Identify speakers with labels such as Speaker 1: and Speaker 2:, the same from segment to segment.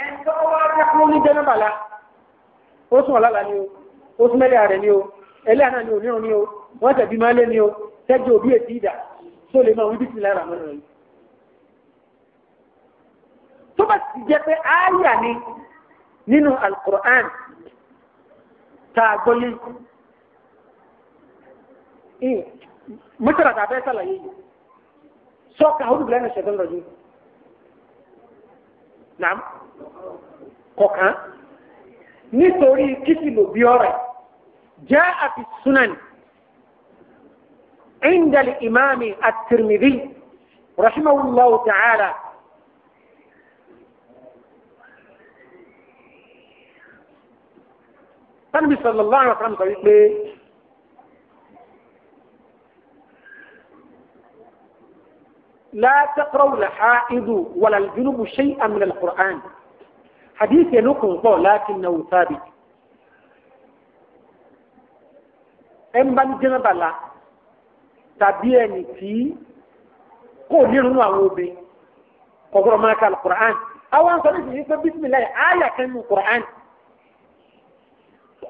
Speaker 1: ẹ̀ńtọ́ wá dákúrú ní jẹ́nàbàlá ó sùn ọ̀lá ni o ó sún mẹ́lẹ̀ rẹ̀ ni o ẹlẹ́ àná ni òmíràn ni o wọ́n tẹ̀bí máa lé ni o tẹ́jú òbí ètí ìdà tó sàlàyé yìí sọ́ọ̀kà ọdún bìlẹ̀ ní ṣẹ̀dọ́n lọ́jọ́ Naam. kọ̀kan nítorí kìsìlò bí ọ̀rẹ́ jẹ́ àfi súnani indali imaami at-Tirmidhi rahimahullahu ta'ala. Tánibí sallallahu alaihi wa sallam sọ wípé لا تقرأ الحائض ولا الجنوب شيئا من القرآن hadith yẹn ló kún pọ̀ láti náwó sábì. ẹ ń bá ní jẹ́nàbàlà tàbí ẹni tí kò nírun àwọn obìnrin kọ̀ọ̀kọ̀rọ̀ máa ka alukur'an àwọn sọ nísìnyí wípé bisimilayi àyà kan nù kur'an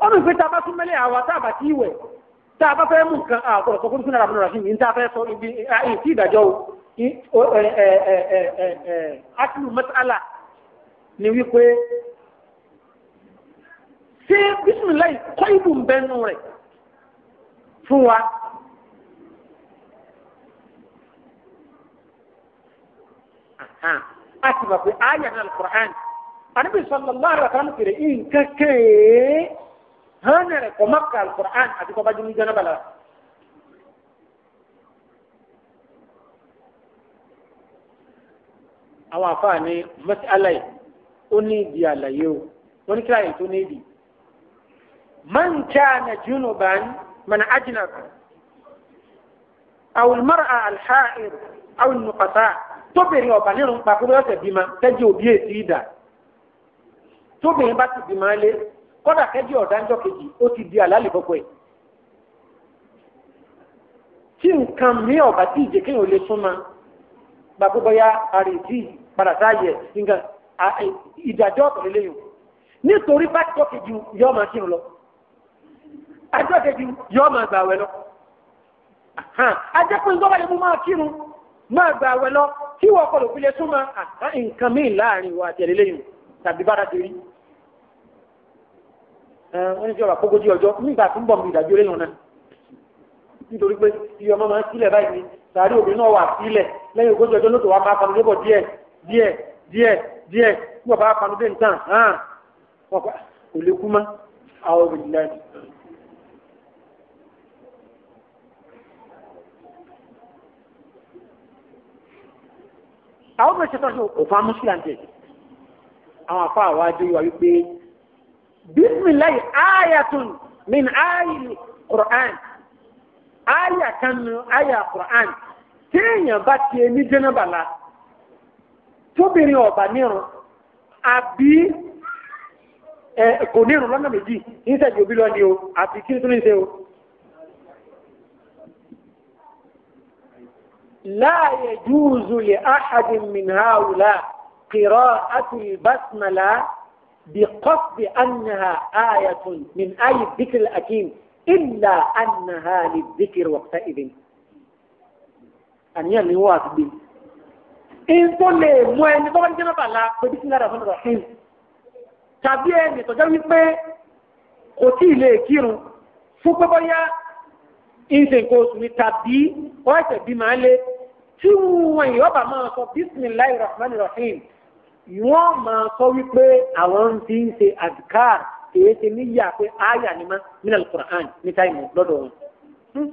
Speaker 1: ọ̀nà ìgbé tá a bá tún mẹ́lẹ̀ àwa tá a bá tí ìwẹ̀ tá a bá fẹ́ mú nǹkan àkọ́rọ̀ sọ fún sínú àbúrò rafin yìí tá a fẹ́ sọ ibi àìsí ìdájọ́ o akílù mẹ́tàlá ni wípé ṣé bisimilayi kọ́ ibù ń bẹ́nu rẹ̀ fún wa. a ti mọ̀ pé ayé náà alukur'an anabi sallallahu alaihi wa sallam kiri nǹkan kéé hàn rẹ̀ kọ́ mọ́kà alukur'an àti kọ́ bá jẹ́ ní jẹ́ náà bala. àwọn masalai ó ní ìdí àlàyé o wọ́n ní kíláyè tó ní ìdí. man kana junuban man ajnab aw almar'a alha'ir aw alnuqasa tóbìnrin ọ̀bà nínú pàkúrò ọ̀sẹ̀ bímọ tẹ́jú òbí èsì ìdá tóbìnrin bá ti bímọ lé kọ́dà kẹ́jú ọ̀dánjọ́ kejì ó ti di àlálẹ̀ gbogbo ẹ̀ tí nǹkan mi ọ̀bà tí ìjẹ́kẹ́yìn ò lè súnmọ́ gbàgbọ́ bóyá àrètí padà sáàyè nǹkan ìdájọ́ ọ̀tọ̀ lélẹ́yìn nítorí bá tọ́ kejì yọ máa kírun lọ àjọ kejì yọ máa gbà wẹ̀ lọ ajẹ́pẹ́ ńlọ́wọ́ yẹn mú máa kírun máa gbà wẹ̀ lọ kí wọ́n kọ́ lòpin lè súnmọ́ nǹkan míì láàrin ìwà àti ẹ̀lẹ́lẹ́yìn tàbí bára ti rí wọ́n ní ìjọba kókó jí ọjọ́ nígbà tó ń bọ̀ ìdájọ́ lẹ́nu náà nítorí pé iye ọmọ máa ń sílẹ̀ báyìí sàárì obìnrin náà wà sílẹ̀ lẹ́yìn ogójì ọjọ́ lóṣù wa máa fọmọ lébọ̀ díẹ̀ díẹ̀ díẹ̀ díẹ̀ bí wọ́n bá panu dé nǹkan hàn wọ́n pa kò lè kú mọ́ àwọn obìnrin náà. àwọn obìnrin ṣetán sí òfin amúsíláńtì àwọn afá àwọn adé wa wípé bísmìláì áyàtún min áyì qur'an áyà kan nu áyà qur'an téèyàn bá tiẹ̀ ní jẹ́nàbàlá tóbìnrin ọ̀bà nírun àbí kò nírun lọ́nà méjì ní sẹ́jì òbí lọ ní o àti kí tún ní ṣe o láàyè júùzù lè áhàdì mìíràwùlá kìrọ àti bí kọ́sì annaha ayatun min ayi dikil akim illa annaha lè dikir waqta idin àníyàn ni wọ́n àti gbé ìfó lè mú ẹni tó ní jẹ́nàbà la pẹ̀lú sí lára fún rahim tàbí ẹni tọ́jọ́ wípé kò tí ì lè kírun fún pé bọ́yá ìṣe oṣù ni tàbí ọ́ ẹ̀sẹ̀ bí máa lé tí wọn yìí ọba máa sọ bisimilayi rahman rahim wọ́n máa sọ wípé àwọn ń ń ṣe adkar kìí ṣe níyà pé áyà ni má nínú alukur'an ní táìmù lọ́dọ̀ wọn hmm?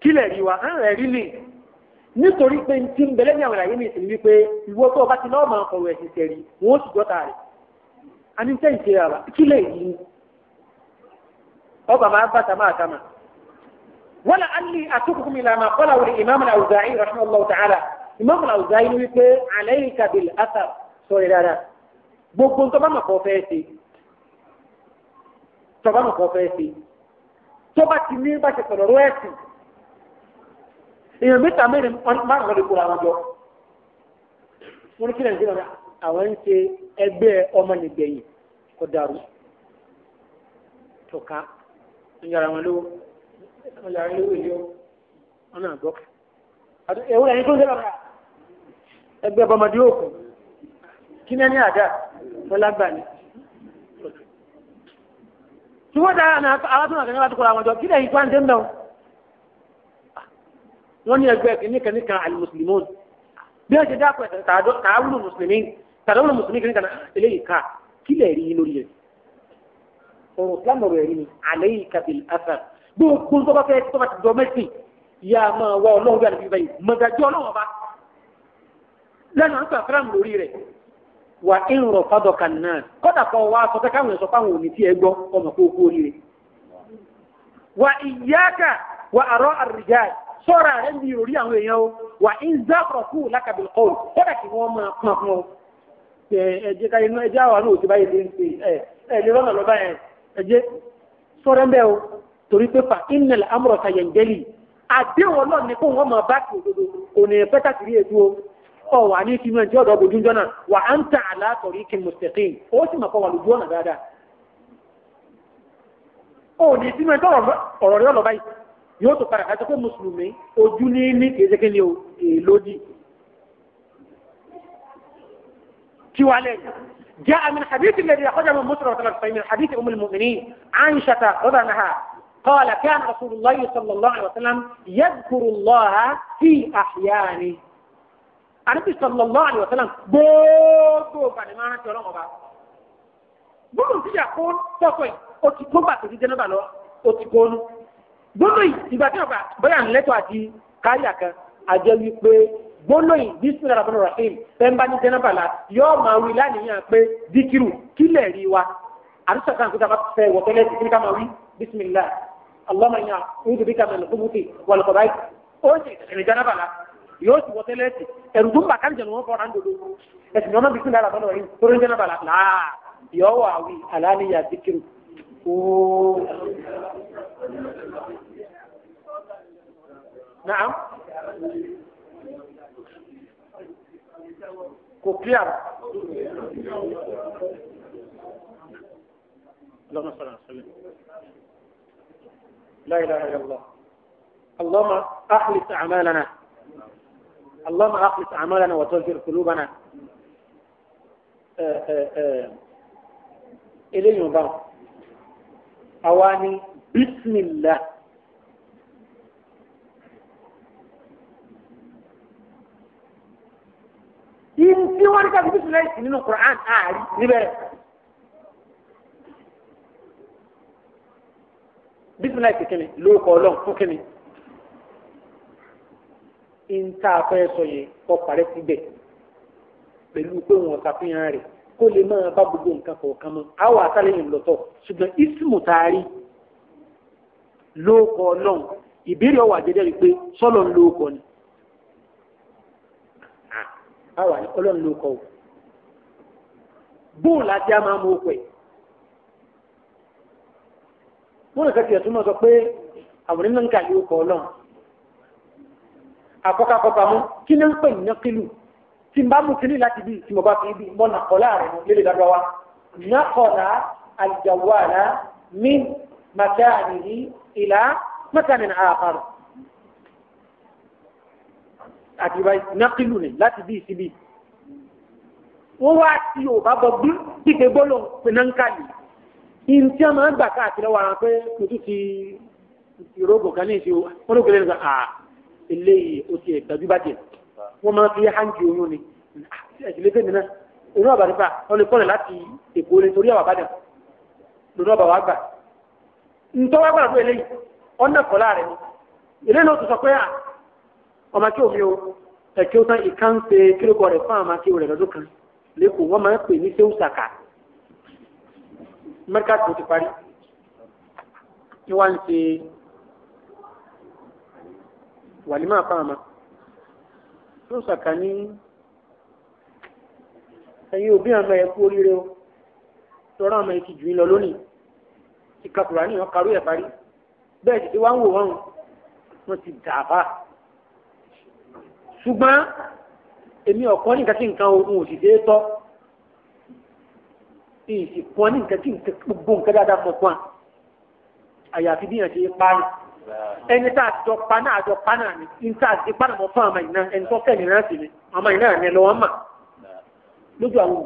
Speaker 1: kílẹ̀ rí wa ń rẹ̀ rí ni nítorí pé ti ń bẹ̀lẹ́ ní àwọn àyè mi ìsìn wípé ìwọ tó o ti lọ́ọ́ máa kọ̀wé ẹ̀sìn tẹ̀rí wọn ó sì gbọ́ta rẹ̀ a ní sẹ́yìn ṣe ara kí lè yí ọba máa bá tàmá àtàmà. wọ́n lọ alẹ́ àtúkùkù mi lànà kọ́lá wọlé ìmáàmù ta'ala ìmáàmù àwùzáyé ni wípé alẹ́ kabil asar sọ̀rọ̀ gbogbo tó bá mọ̀ kọ́ fẹ́ èèyàn mẹ́ta mẹ́rin márùn lọ́dún kóra wọn jọ wọn kí nàìjíríà náà àwọn ń ṣe ẹgbẹ́ ọmọnìgbẹ̀yìn kò dàrú tọ̀ka ń wọn lówó wọn lówó ìlú wọn náà gbọ́. ẹ̀wọ́n ẹ̀yin tó ń sẹ́wọ̀n òkun kí ní àdá wọn lágbà ni. tí wọ́n dára àwọn wọn jọ kí wọ́n ní ẹgbẹ́ kìnnìkan ní kan alimusulimon bí wọ́n ṣe dápẹ́ tààwùlù mùsùlùmí tààwùlù mùsùlùmí kìnnìkan eléyìí ká kí lè rí lórí rẹ̀ ọ̀rọ̀ islam ọ̀rọ̀ ẹ̀rí ni àlẹ́yìn kabil asar gbogbo tó bá fẹ́ tó bá ti dọ́ mẹ́sì yá máa wá ọlọ́run bí alẹ́ báyìí mọ̀gájú ọlọ́run ọba lẹ́nu àwọn sàfẹ́ràn lórí rẹ̀ wà ń rọ̀ fádọ́kà náà kọ́dà kan wá sọ káwọn ẹ̀sọ́ fáwọn òní tí ẹ gbọ́ ọmọ kó kú oríire wà ìyáàkà wà àrọ́ àrìjáì sọ́ra rẹ̀ ń bi orí àwọn èèyàn o wà ń zákọ̀ kú lákàbí ọ̀l kọ́dà kí wọ́n máa pọn fún ọ. ẹ̀jẹ̀ káyé náà ẹ̀jẹ̀ àwọn òsì báyìí ti ń pè ẹ̀ ẹ̀ lè rọ́nà lọ́ba ẹ̀ ẹ̀jẹ̀ sọ́ra ń bẹ́ o torí pé fa innal amra sayangeli àdéhùn ọlọ́ọ̀ni kó wọ́n máa bá kí òdodo òní pẹ́tà kiri ètò ọ wà ní kí mẹ́rin ọ̀dọ́ bojú jọ́nà wà á ń tà àlàtọ̀rí kí mustaqim ó sì mà kọ́ lójú ọ̀nà dáadáa. òní tí mẹ́rin ọ̀rọ̀ rẹ̀ ọ̀lọ́ báyìí yóò tó padà kájọ pé mùsùlùmí ojú ní ní kéékèèké ni èlòdì kí wàá lẹ́yìn. جاء من حديث الذي أخرجه مسلم وتلقي من حديث أم المؤمنين عائشة رضي عنها قال كان رسول الله صلى الله عليه وسلم يذكر الله في أحيانه النبي صلى الله عليه وسلم gbogbo bani máa ń tọrọ ọba gbogbo ti yà kó tọkọ yìí o ti kó bàtò ti gbólóyìn ìgbà tí wọn gbà bóyá ń lẹ́tọ̀ àti káyà kan àjẹ́ wípé gbólóyìn bísí rárá bọ́lá rahim pẹ́ńbà ní jẹ́nàbàlà yóò máa wí láníyàn pé díkìrù kílẹ̀ rí wa àdúgbò kan kó dábàá fẹ́ wọ tẹ́lẹ̀ sí ká máa wí bísímìlá allahumma inna a'udhu bika min al-khubuthi wal khaba'ith ó sì ìrìn jẹ́nàbàlà yóò sì wọ tẹ́lẹ̀ sí ẹ̀rù tó ń bà kárí jẹ̀nu wọn dodo ẹ̀sìn ọmọ bísí rárá rahim tó
Speaker 2: نعم كوكيان اللهم صل على سيدنا
Speaker 1: لا اله الا الله اللهم اخلص اعمالنا اللهم اخلص اعمالنا وتزهر قلوبنا ايه ايه ايه اليوم بقى àwa ni bísímìlá. Ìntí wọ́n ní ká fi bísímìlá yìí nínú Kùrán àárí níbẹ̀rẹ̀. bísímìlá yìí kékeré lóòkọ̀ ọlọ́run fún kékeré. Ìntà afẹ́ sọ yẹn kọ́ parẹ́ síbẹ̀ pẹ̀lú pé wọ́n ṣàfihàn kó lè máa bá gbogbo nǹkan kọ̀ọ̀kan mọ́ àwọn àtàlẹ́yìn lọ́tọ̀ ṣùgbọ́n ismu taari lóòkọ ọlọ́run ìbéèrè ọwọ́ àjẹjẹ́ rí pé sọ́lọ̀ ń lóòkọ ni àwọn ọlọ́run lóòkọ o bóòlù àti àmà mú òkú ẹ̀ wọ́n lè kẹ́kẹ́ ẹ̀tún sọ pé àwòrán náà ń kà lóòkọ ọlọ́run àkọ́kọ́ àkọ́kọ́ kí ni ń pè ní nákìlù tí n bá mú kínní láti bí tí mo bá fi bí mọ́nà kọ́lá rẹ̀ mọ́ lélẹ̀ dáadáa wa nàkọ́lá àjàwálá mí màtáàní ìlà mẹ́tàmínà àkàrọ̀ àti ìbá nákìlù ni láti bí síbí. wọ́n wá sí òbá bọ̀ bí kíkẹ́ gbọ́dọ̀ pẹ̀náńkàlì ìntí a máa ń gbà káàkiri wa pé tuntun ti ìrógùn kan ní ìṣe wọn ló gbélé nígbà à eléyìí ó ti ẹ̀ tọ́jú bá wọ́n máa fi hànjì oyún ni ìdílé ah, fèmí náà inú ọ̀bà nípa wọ́n lè kọ́lẹ̀ láti èkó lè torí àwọn àbádàn lónú ọ̀bà wa gbà ntọ́ wa gbàdúrà eléyìí ọ̀nà kọ́lá rẹ̀ ni eléyìí náà tó sọ pé à ọmọ kí omi o ẹ̀kí ó tán ìkan ń pe kírókọ rẹ̀ fún àwọn akéwò rẹ̀ lọ́dún kan lẹ́kọ̀ọ́ wọ́n máa ń pè ní sẹ́wùsàkà mẹ́ríkà tó ti parí ni wọ́n ń ṣe wàlímà fáwọn ló sàkà ní ẹ̀yin òbí àmọ́ ẹ kú oríire o lọ́rọ̀ àmọ́ ẹ ti jù yín lọ lónìí ti kakura ní ìwọ̀n karú ẹ̀ parí bẹ́ẹ̀ ti ti wá ń wò wọ́n wọ́n ti dàbà ṣùgbọ́n èmi ọ̀kọ́ ní nǹkan tí nǹkan ogun òṣìṣẹ́ tọ́ ìsìnkú ní nǹkan tí gbogbo nǹkan dáadáa mọ̀ pọ́n àyàfi bí yàn ṣe pààyàn. ẹni tá a jọ pa náà a jọ pa náà ni n tá a ti pa náà mọ fún ọmọ yìí náà ẹni tó kẹ́yìn náà sì ni ọmọ yìí náà ni lọ́wọ́ mà lójú àwọn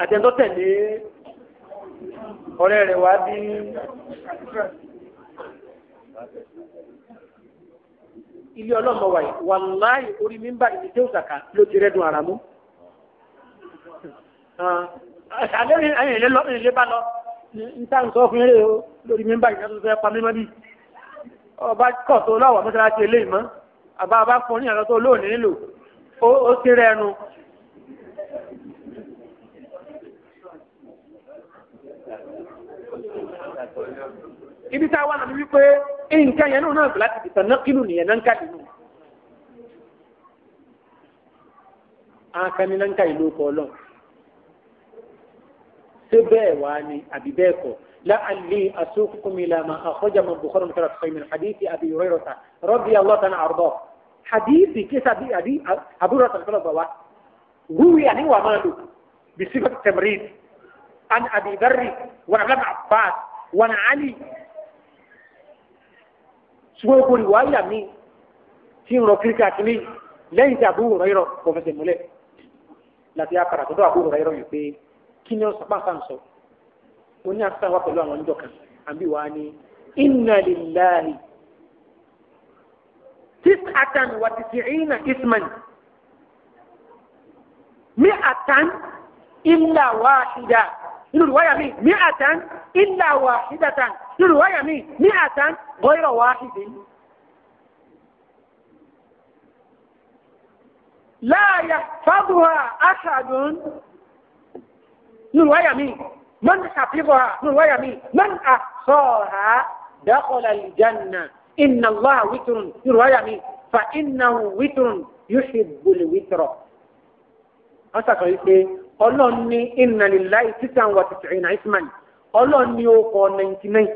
Speaker 2: òbí tẹ̀lé ọ̀rẹ́ rẹ̀ wá bí. ilé ọlọ́mọ wa
Speaker 1: yìí orí mi ń bá ibi tí ó sàkà ló ti ara mú. àlẹ́ bá lọ. níta ń fún eré o lórí mímbà ìjọba tó fẹ́ pa mímọ́ bí ọba kọ̀ tó lọ́wọ́ mọ́sálásí eléyìí mọ́ àbá ọba fún ní ọ̀rọ̀ tó lónìí nílò ó ti rẹ ẹnu. ibi tá a wà nàbí wípé nǹkan yẹn náà náà láti dìtàn náà kínú nìyẹn náà ń kàdé nù. àwọn kan ní náà ń ṣé bẹ́ẹ̀ wá ni àbí bẹ́ẹ̀ kọ́ láàlì asókùnkùnmílàmà àkọjàmọ bukhari mutara sọyìn hadithi àbí rẹrọta rọbì alọtàn àrùbọ hadithi kíkà àbí àbúrò tàbí bàbá rúwì àníwà máa lò bisifat tamrid an abi barri wa alam abbas wa an ali ṣùgbọ́n kò rí wáyà mi tí ń rọ kíríkà kìíní lẹ́yìn tí àbúrò rẹ̀ rọ̀ kò fẹsẹ̀ múlẹ̀ láti àkàrà tó dọ̀ àbúrò rẹ̀ rọ̀ yìí pé kí ni ọ̀sán pàṣẹ sọ mo ní àṣà wa pẹ̀lú àwọn ọjọ́ kan àbí wa ni inna lillahi tis'atan wa tis'ina isman mi'atan illa wahida nínú ìwáyà mi mi'atan illa wahidatan nínú ìwáyà mi mi'atan ghayra wahidin. la yahfazuha ahadun nínú wáyà mi man àfihàn nínú wáyà mi man àsọ̀ọ̀hà dákọ̀lá ìjánà iná lọ́ àwítùrùn nínú wáyà mi fa iná wítùrùn yóò ṣe gbòlè wítùrọ̀. wọ́n sàkọ́ yìí pé ọlọ́run ní iná líláì títàn wà títì ìnà isman ọlọ́run ní ó 99.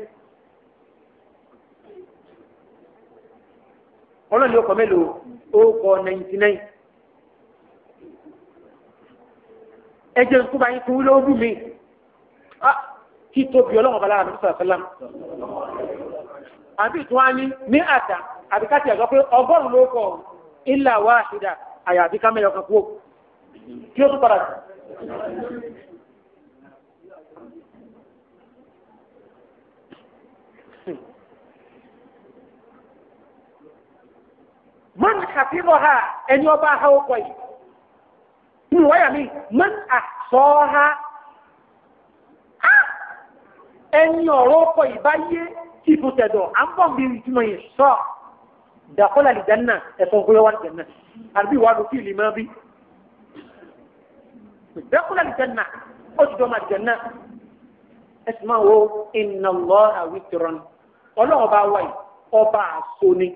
Speaker 1: ọlọ́run ní ó mélòó ó 99. ẹjẹ ń kúba yín fún wílé ojú mi kí tóbi ọlọ́run bala àdúgbò sàlám àbí tí wọ́n á ní ní àtà àbí ká ti àgbà pé ọgọ́rùn-ún ló kọ̀ ilà wá àṣìdá àyàfi ká mẹ́yọ̀ kú kí ó tún padà sí. mọ́nì kàfíìmọ̀ ha ẹni ọba ha ó kọ yìí nínú wáyà mi mọ́n àsọ́ha ẹni ọ̀rọ̀ ọkọ̀ ìbáyé tí ìbò tẹ̀dọ̀ à ń bọ̀ bí ìtumọ̀ yẹn sọ dàkọ́lá lìjánná ẹ̀sọ́ gbé wá lìjánná àbí wàá lọ sí ìlú mọ́ bí dàkọ́lá lìjánná ó ti dọ́ máa lìjánná ẹ̀sìn máa wo iná lọ́ àwítìrọ́n ọlọ́run bá wáyé ọba àsọ ni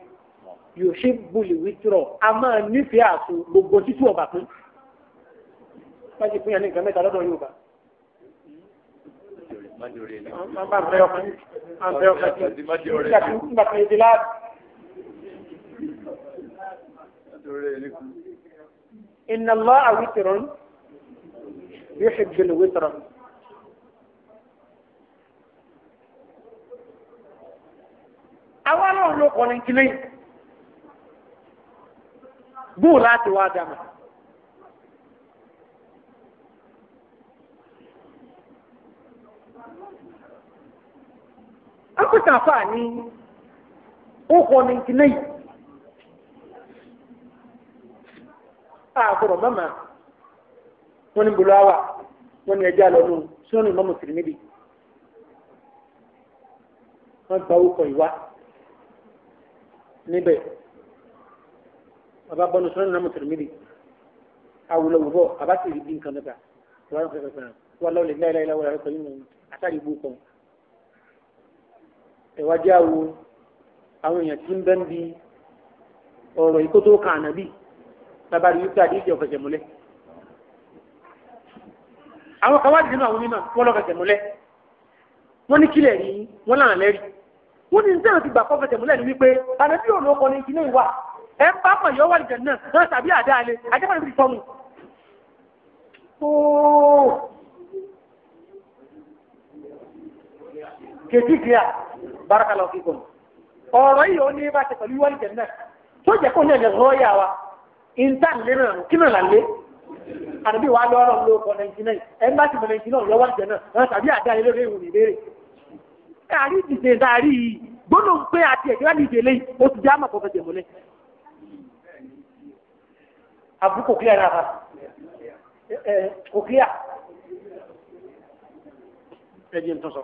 Speaker 1: yòóṣe bulè wítìrọ̀ a máa nífẹ̀ẹ́ àsọ gbogbo títú ọba fún láti fún yàn ní nǹkan mẹ́ta lọ́dọ̀ Yorùbá.
Speaker 2: wọ́n bá ń bẹ ọkàn ń bẹ ọkàn tí nígbà tí èdè
Speaker 1: إن الله وتر يحب الوتر àwọn aláwọ̀ ló kọ́ ní kílé bóò láti wá dáa akuta afa ni ukọ ni nkinai a kọrọ mama wani bulawa wani ẹja lọnu sọni mọ mùsùlùmí bi wọn gba ukọ ìwá níbẹ̀ baba bọnu sọni mọ mùsùlùmí bi awulawubọ abasi bi nkan nípa wàlúwàlú lẹ́yìn lẹ́yìn lẹ́yìn wàlúwàlú kọ́ yín mọ̀ àtàrí ibú kọ́ ẹ̀wájú àwo àwọn èèyàn tí ń bẹ́ ń bi ọ̀rọ̀ ikú tó kàn ànábì bàbá rí wípé àdéhìí ọ̀fẹ̀sẹ̀ múlẹ̀ àwọn kan wá dìde nínú àwọn mímọ̀ wọ́n lọ fẹsẹ̀ múlẹ̀ wọ́n ní kílẹ̀ rí wọ́n làn lẹ́rìí wọ́n ní sẹ́wọ̀n ti gbà kọ́ fẹsẹ̀ múlẹ̀ ní wípé ànábì ò ló kọ́ ní ìkíní ìwà ẹ̀ ń bá pọ̀ yọ wà lìjẹ̀ náà wọ́n tàbí barakallahu fikum ọ̀rọ̀ yìí ó ní bá ṣe pẹ̀lú wọ́n jẹ̀ náà tó jẹ́ kó náà lè rọ́ yà wa ìntà lé náà kí náà là lé àdàbí wàá lọ́rọ̀ ló kọ nàìjíríà náà ẹ̀ ń bá ti mọ̀ nàìjíríà náà lọ́wọ́ jẹ̀ náà wọn tàbí àdá ilé rẹ̀ ìwòrán ìbéèrè. àrí ìdìde dárí yìí gbọ́dọ̀ ń pé àti ẹ̀jẹ̀ láti ìdè lẹ́yìn o ti dáàmà kọ́ fẹsẹ̀ mọ́lẹ̀.
Speaker 2: àbúkò kílẹ̀ náà fa kò kílẹ̀
Speaker 1: ẹ̀jẹ̀ ń tọ́ sọ.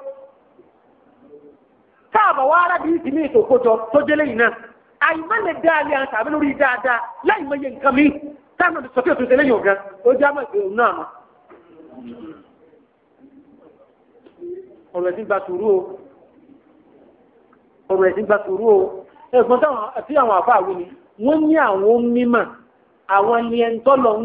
Speaker 1: káàbọ̀ wá arábìnrin i mí ìtòkójọ tó délé yìí náà àyìnbá lè dá alẹ́ àti lórí dáadáa láì mọ iye nǹkan mi táwọn ọ̀dọ̀ sọ́kẹ́ òtún ó já ọ̀rọ̀ ẹ̀sìn o gba sùúrù o táwọn àti àwọn àfa àwọn ni ní àwọn àwọn ni ẹni tó lọ ń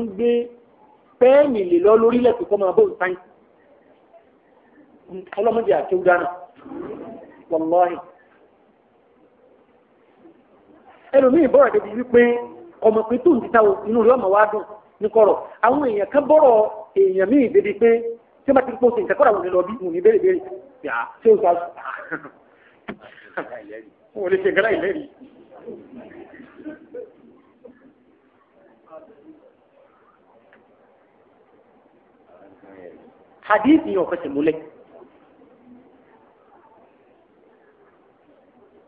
Speaker 1: wàlọ́hì. ẹlòmíì bọ́rọ̀ débi wípé ọmọ pé tó ń ti ta inú rẹ̀ ọmọ wa dùn ní kọ̀rọ̀ àwọn èèyàn kan bọ́rọ̀ èèyàn míì débi pé tí wọ́n bá ti pọ̀ sí nǹkan kọ́ra wọn lọ bí wọn ní bẹ́rẹ̀ bẹ́rẹ̀ yà ṣé o sọ wọn lè ṣe gẹ́lá ìlẹ́rìí. hadith yìí ọ̀fẹ́ sì múlẹ̀.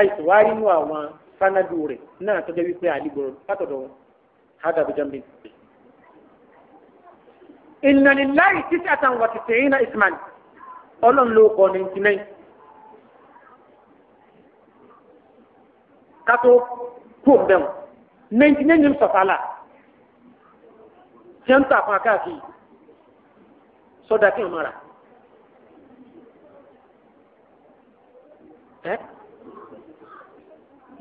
Speaker 1: àìsàn wá rí inú àwọn sanadu rẹ̀ náà tọ́jú wípé àlìgbòrò látọ̀dọ̀ wọn hádàbí jambin. inna lillahi tis'atan wa tis'ina isman ọlọ́run ló kọ́ ninety nine. kátó kó bẹ́ẹ̀ ninety nine sọ̀tàlà jẹ́ ń tà fún sọ́dà kí n mara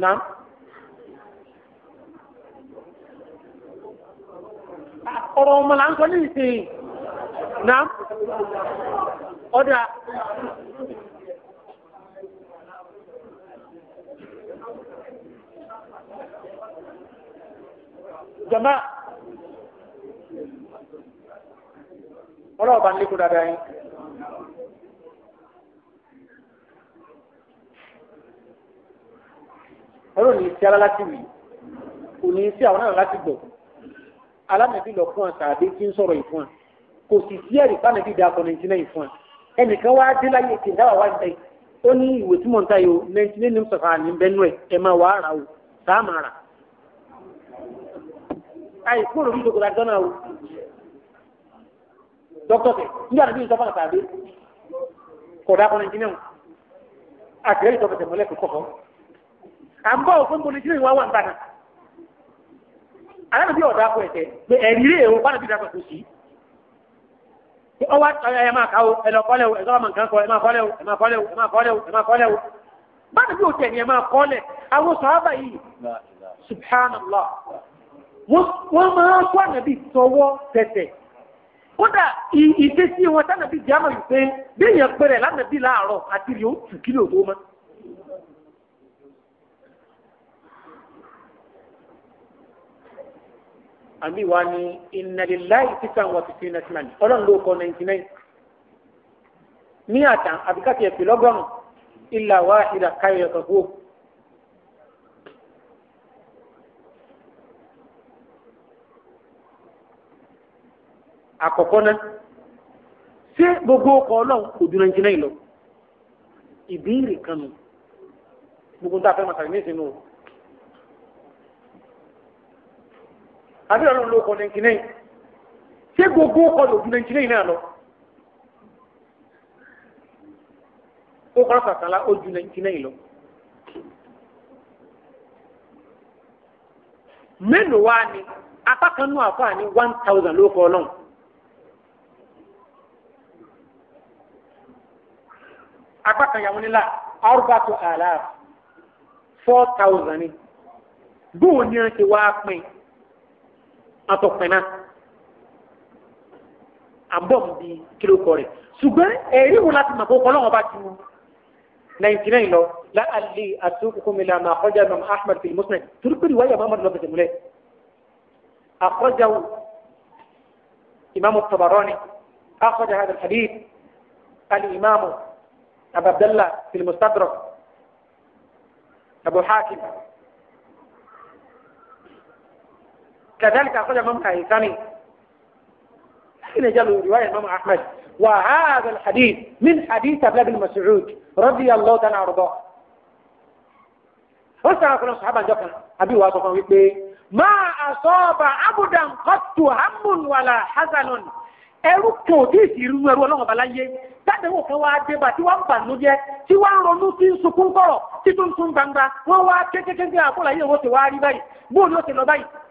Speaker 1: náà. ọ̀rọ̀ ọmọ là ń sọ ní ìsìn
Speaker 2: náà ọ̀dà. jama ọlọ́ọ̀bá ń lékún dáadáa yín.
Speaker 1: ọlọ́run ní sí aláti wì kò ní sí àwọn náà láti gbọ̀ alámẹ̀bí lọ fún wa tàbí kí n sọ̀rọ̀ ìfún wa kò sì sí ẹ̀rí fámẹ́bí da akọ nàìjíríà ìfún wa ẹnìkan wá dé láyé kì í dáwà wá níta yìí ó ní ìwé tí mò ń ta yìí o nàìjíríà ní sọ̀fà ní bẹ́nu ẹ̀ ẹ̀ máa wà á rà o sáà máa rà ayi kúrò ní ìdókòlá gánà o dókítà tẹ nígbà tó ń sọ fún àtàbí kọ̀dá akọ nàìjíríà àgbẹ̀rẹ̀ ìtọ́fẹ̀tẹ̀ mọ́lẹ̀ kò kọ̀kọ́ àbọ̀ òfin mo lè jírí ìwà wà ń bàdàn aláàbí ọ̀dà akọ ẹ̀tẹ̀ pé ẹ̀rí rẹ̀ òun bá nàbí dàgbà kò sí ọwọ́ ẹ máa kàwọ́ ẹ lọ kọ́lẹ̀ o ẹ sọ́wọ́ máa nǹkan kọ ẹ máa kọ́lẹ̀ o ẹ máa o ẹ máa o ẹ máa o bá ni ẹ máa kọ́lẹ̀ àwọn sàhábà subhanallah wọ́n máa ń kọ́ ànàbí tọwọ́ tẹ̀tẹ̀ kódà ìṣesí wọn sànàbí jẹ́ àmọ̀ yìí pé bí èèyàn pẹ̀rẹ̀ lánàbí láàárọ̀ àti rí ó tù kílò tó máa àbí wa ni ìnàlélàyé títà wọn ti fi nàìjíríà ní ọlọ́run ló kọ ninety nine ní àtàn àbíkàtì ẹ̀pẹ́ lọ́gọ́rùn ìlà wa ìlà káyọ̀ ẹ̀kọ́ kúrò. àkọ́kọ́ náà ṣé gbogbo ọkọ̀ ọlọ́run kò ju ninety nine lọ ìbéèrè gbogbo ń tà fẹ́ màtàrí ní ìsinmi o. àbí ọlọ́run ló kọ nàìjíríà yìí ṣé gbogbo kọ lòdù nàìjíríà yìí náà lọ. ó kọ́ sàkàlà ó ju nàìjíríà yìí lọ. mélòó wá ni apá kan náà one thousand ló kọ ọlọ́run. apá kan yàwọn nílà arúgbàtò àlàáfù four thousand ni bóun ni wọn ti wá pín in atọ̀pẹ̀nà àbọ̀mùbí kílò kọ rẹ̀ ṣùgbọ́n ẹ̀rí wo láti mọ̀ kókó ọlọ́run ọba ti mú ninety nine lọ láàlè àti òkùnkùn mi lànà àkọjá imam ahmed bin muslim torí pé ìwáyà muhammadu lọ fẹsẹ̀ múlẹ̀ àkọjá imam tabarani hadal hadith al-imam abu abdallah bin mustadrak abu hakim كذلك أخرج الإمام الهيثمي حين جلوا رواية الإمام أحمد وهذا الحديث من حديث أبلا بن مسعود رضي الله تعالى عنه وسأل كل الصحابة جفن أبي واسفا ويقول ما أصاب عبدا قط هم ولا حزن ẹrú kan ò tí ì sí irú ẹrú ọlọ́run ọba láyé tádéwò kan wá dé bá tí wọ́n ń bànújẹ́ tí wọ́n ń ronú tí ń sunkún kọ̀rọ̀ tí tó gbangba wọ́n wá kékeré àkọlà yìí owó ti wá rí báyìí bóòlù ó ti lọ báyìí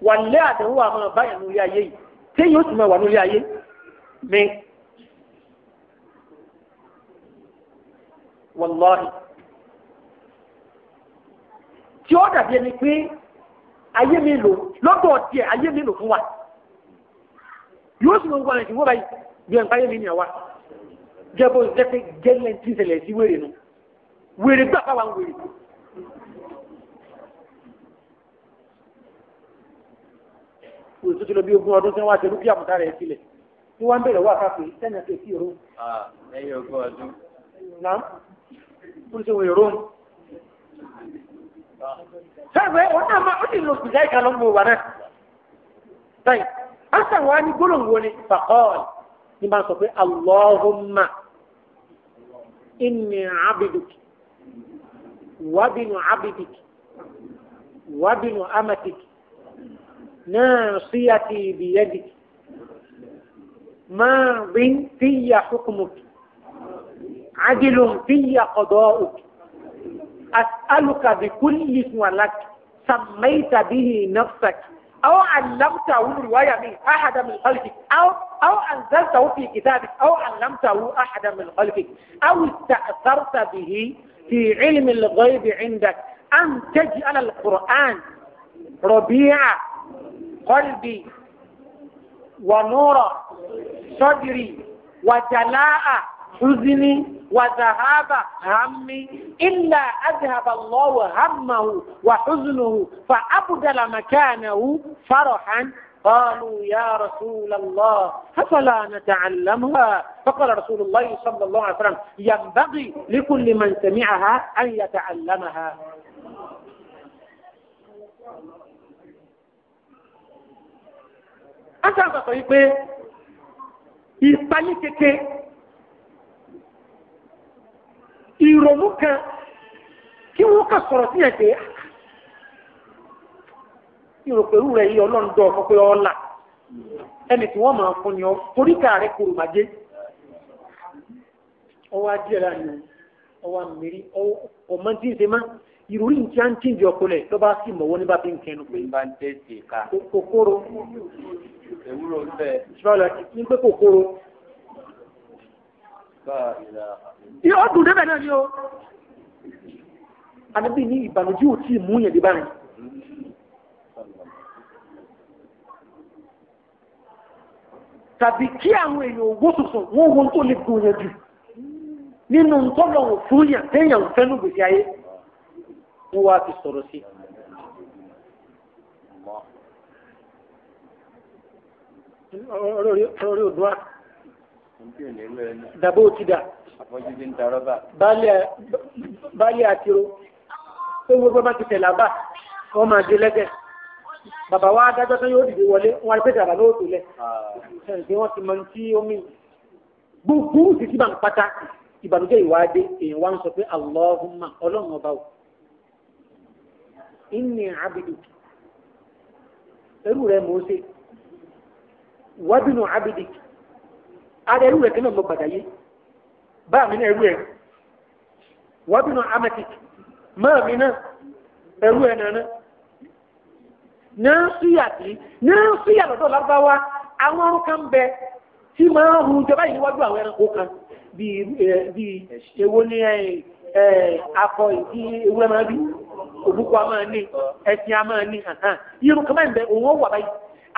Speaker 1: wà lé àdéhùn wà máa báyìí ní ilé ayé yìí tí yóò sì máa wà ní ilé ayé mi. wàláhì tí ó dàbí ẹni pé ayé mi lò lọ́dọ̀ tiẹ̀ ayé mi lò fún wa yóò sì máa wà ní ìdìbò báyìí bí ẹ̀ ń báyé mi nìyà wa jẹ́ jẹ́ pé jẹ́lẹ̀ tí sí wèrè nu wèrè gbà bá wa ń wèrè. òtún ti lọ bí ogún ọdún tí wọ́n wá ṣe rúkìá mọ̀tá rẹ̀ tí wọ́n ń wá káfí sẹ́yìn àti èsì òru.
Speaker 2: ẹyẹ ogún ọdún. nà ń ṣe wòye róun. sẹ́gbẹ́ wọn náà máa ó sì lọ sùn láìka ló ń
Speaker 1: náà. báyìí ásà wa ní gbólóhùn wo ni fàkọ́ọ̀lì ni máa sọ pé ناصيتي بيدك ماض في حكمك عدل في قضاؤك أسألك بكل اسم لك سميت به نفسك أو علمته رواية من أحد من خلقك أو أو أنزلته في كتابك أو علمته أحد من خلقك أو استأثرت به في علم الغيب عندك أن تجعل القرآن ربيع قلبي ونور صدري وجلاء حزني وذهاب همي إلا أذهب الله همه وحزنه فأبدل مكانه فرحا قالوا يا رسول الله أفلا نتعلمها فقال رسول الله صلى الله عليه وسلم ينبغي لكل من سمعها أن يتعلمها asa sọ̀tọ̀ yìí pé ìpalí keke ìrònú kan kí wọ́n kà sọ̀rọ̀ sí ìrò pẹ̀lú rẹ̀ yìí ọlọ́ndọ̀ ọ̀fọ́ pé ọlá ẹni tí wọ́n máa fún ni ọ torí rẹ̀ kúrò màjé ọwọ́ adìẹ rà ìròrí ní tí a ń tí ìdí ọkọlẹ̀ ló bá sì mọ̀wọ́ ní bá fi ń kẹnu pé kòkòrò ewúro ń bẹ. ìṣọ́lá ní pé kòkòrò.
Speaker 2: yóò dùn débẹ̀ náà ni o.
Speaker 1: àdébí ní ìbànújẹ́ ò tí ì mú yẹn dé báyìí. tàbí kí àwọn èèyàn owó tuntun wọ́n wo tó lè gbòòyàn jù nínú ntọ́lọ̀ òfin yàn téèyàn fẹ́ nù gbèsè ayé wọ́n wá fi sọ̀rọ̀ sí. ọlọ́rí odua
Speaker 2: dàbó òtìdá baálé
Speaker 1: àtìró tó gbogbo bá ti tẹ̀lé àbá wọ́n máa dé lẹ́gẹ̀ẹ́ bàbá wa adájọ́ tó yóò dìde wọlé wọn rí pé dàbà ló tó lẹ̀ ṣe wọ́n ti mọ tí ó mi gbogbo títí bá ń pátá ìbànújẹ́ ìwádé èèyàn wá ń sọ pé Allahumma ọlọ́run ọba o. inni abiduk ẹrú rẹ mò ń ṣe wabinu abidik ara ẹrú rẹ kí náà mo gbàdá yé báà wabinu amatik máa mi náà ẹrú ẹ nànà náà súyà tí náà súyà lọ́dọ̀ lárúbáwá àwọn ọrùn kan bẹ tí máa ń ewo òbúkọ a máa ní ẹsìn a máa ní irun kan máa ń bẹ òun ó wà báyìí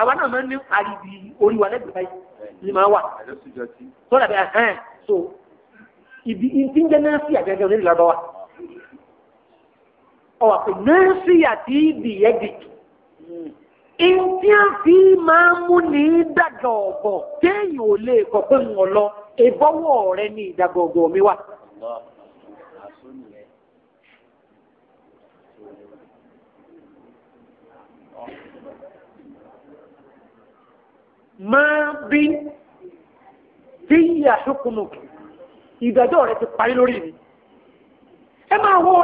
Speaker 1: àwa náà máa ń ní àríbi orí wa lẹ́gbẹ̀ẹ́ báyìí ni máa wà tó dàbí ẹ̀hán so ibi tí ń jẹ́ nẹ́ẹ̀sì àgẹ́gẹ́ onílù lọ́dọ́wà ọ̀wà pé nẹ́ẹ̀sì àti ibi ẹ̀dì
Speaker 2: ìtí à ń
Speaker 1: fi máa mú ní dàgọ̀ ọ̀bọ̀ téèyàn ò lè kọ̀ pé ń wọ̀ lọ ìbọ̀wọ̀ rẹ ní ìdàgọ̀ ọ̀gọ̀ mi wà. máa bí tí ìyà ṣùkùnù ìdájọ́ rẹ̀ ti parí lórí mi ẹ máa wọ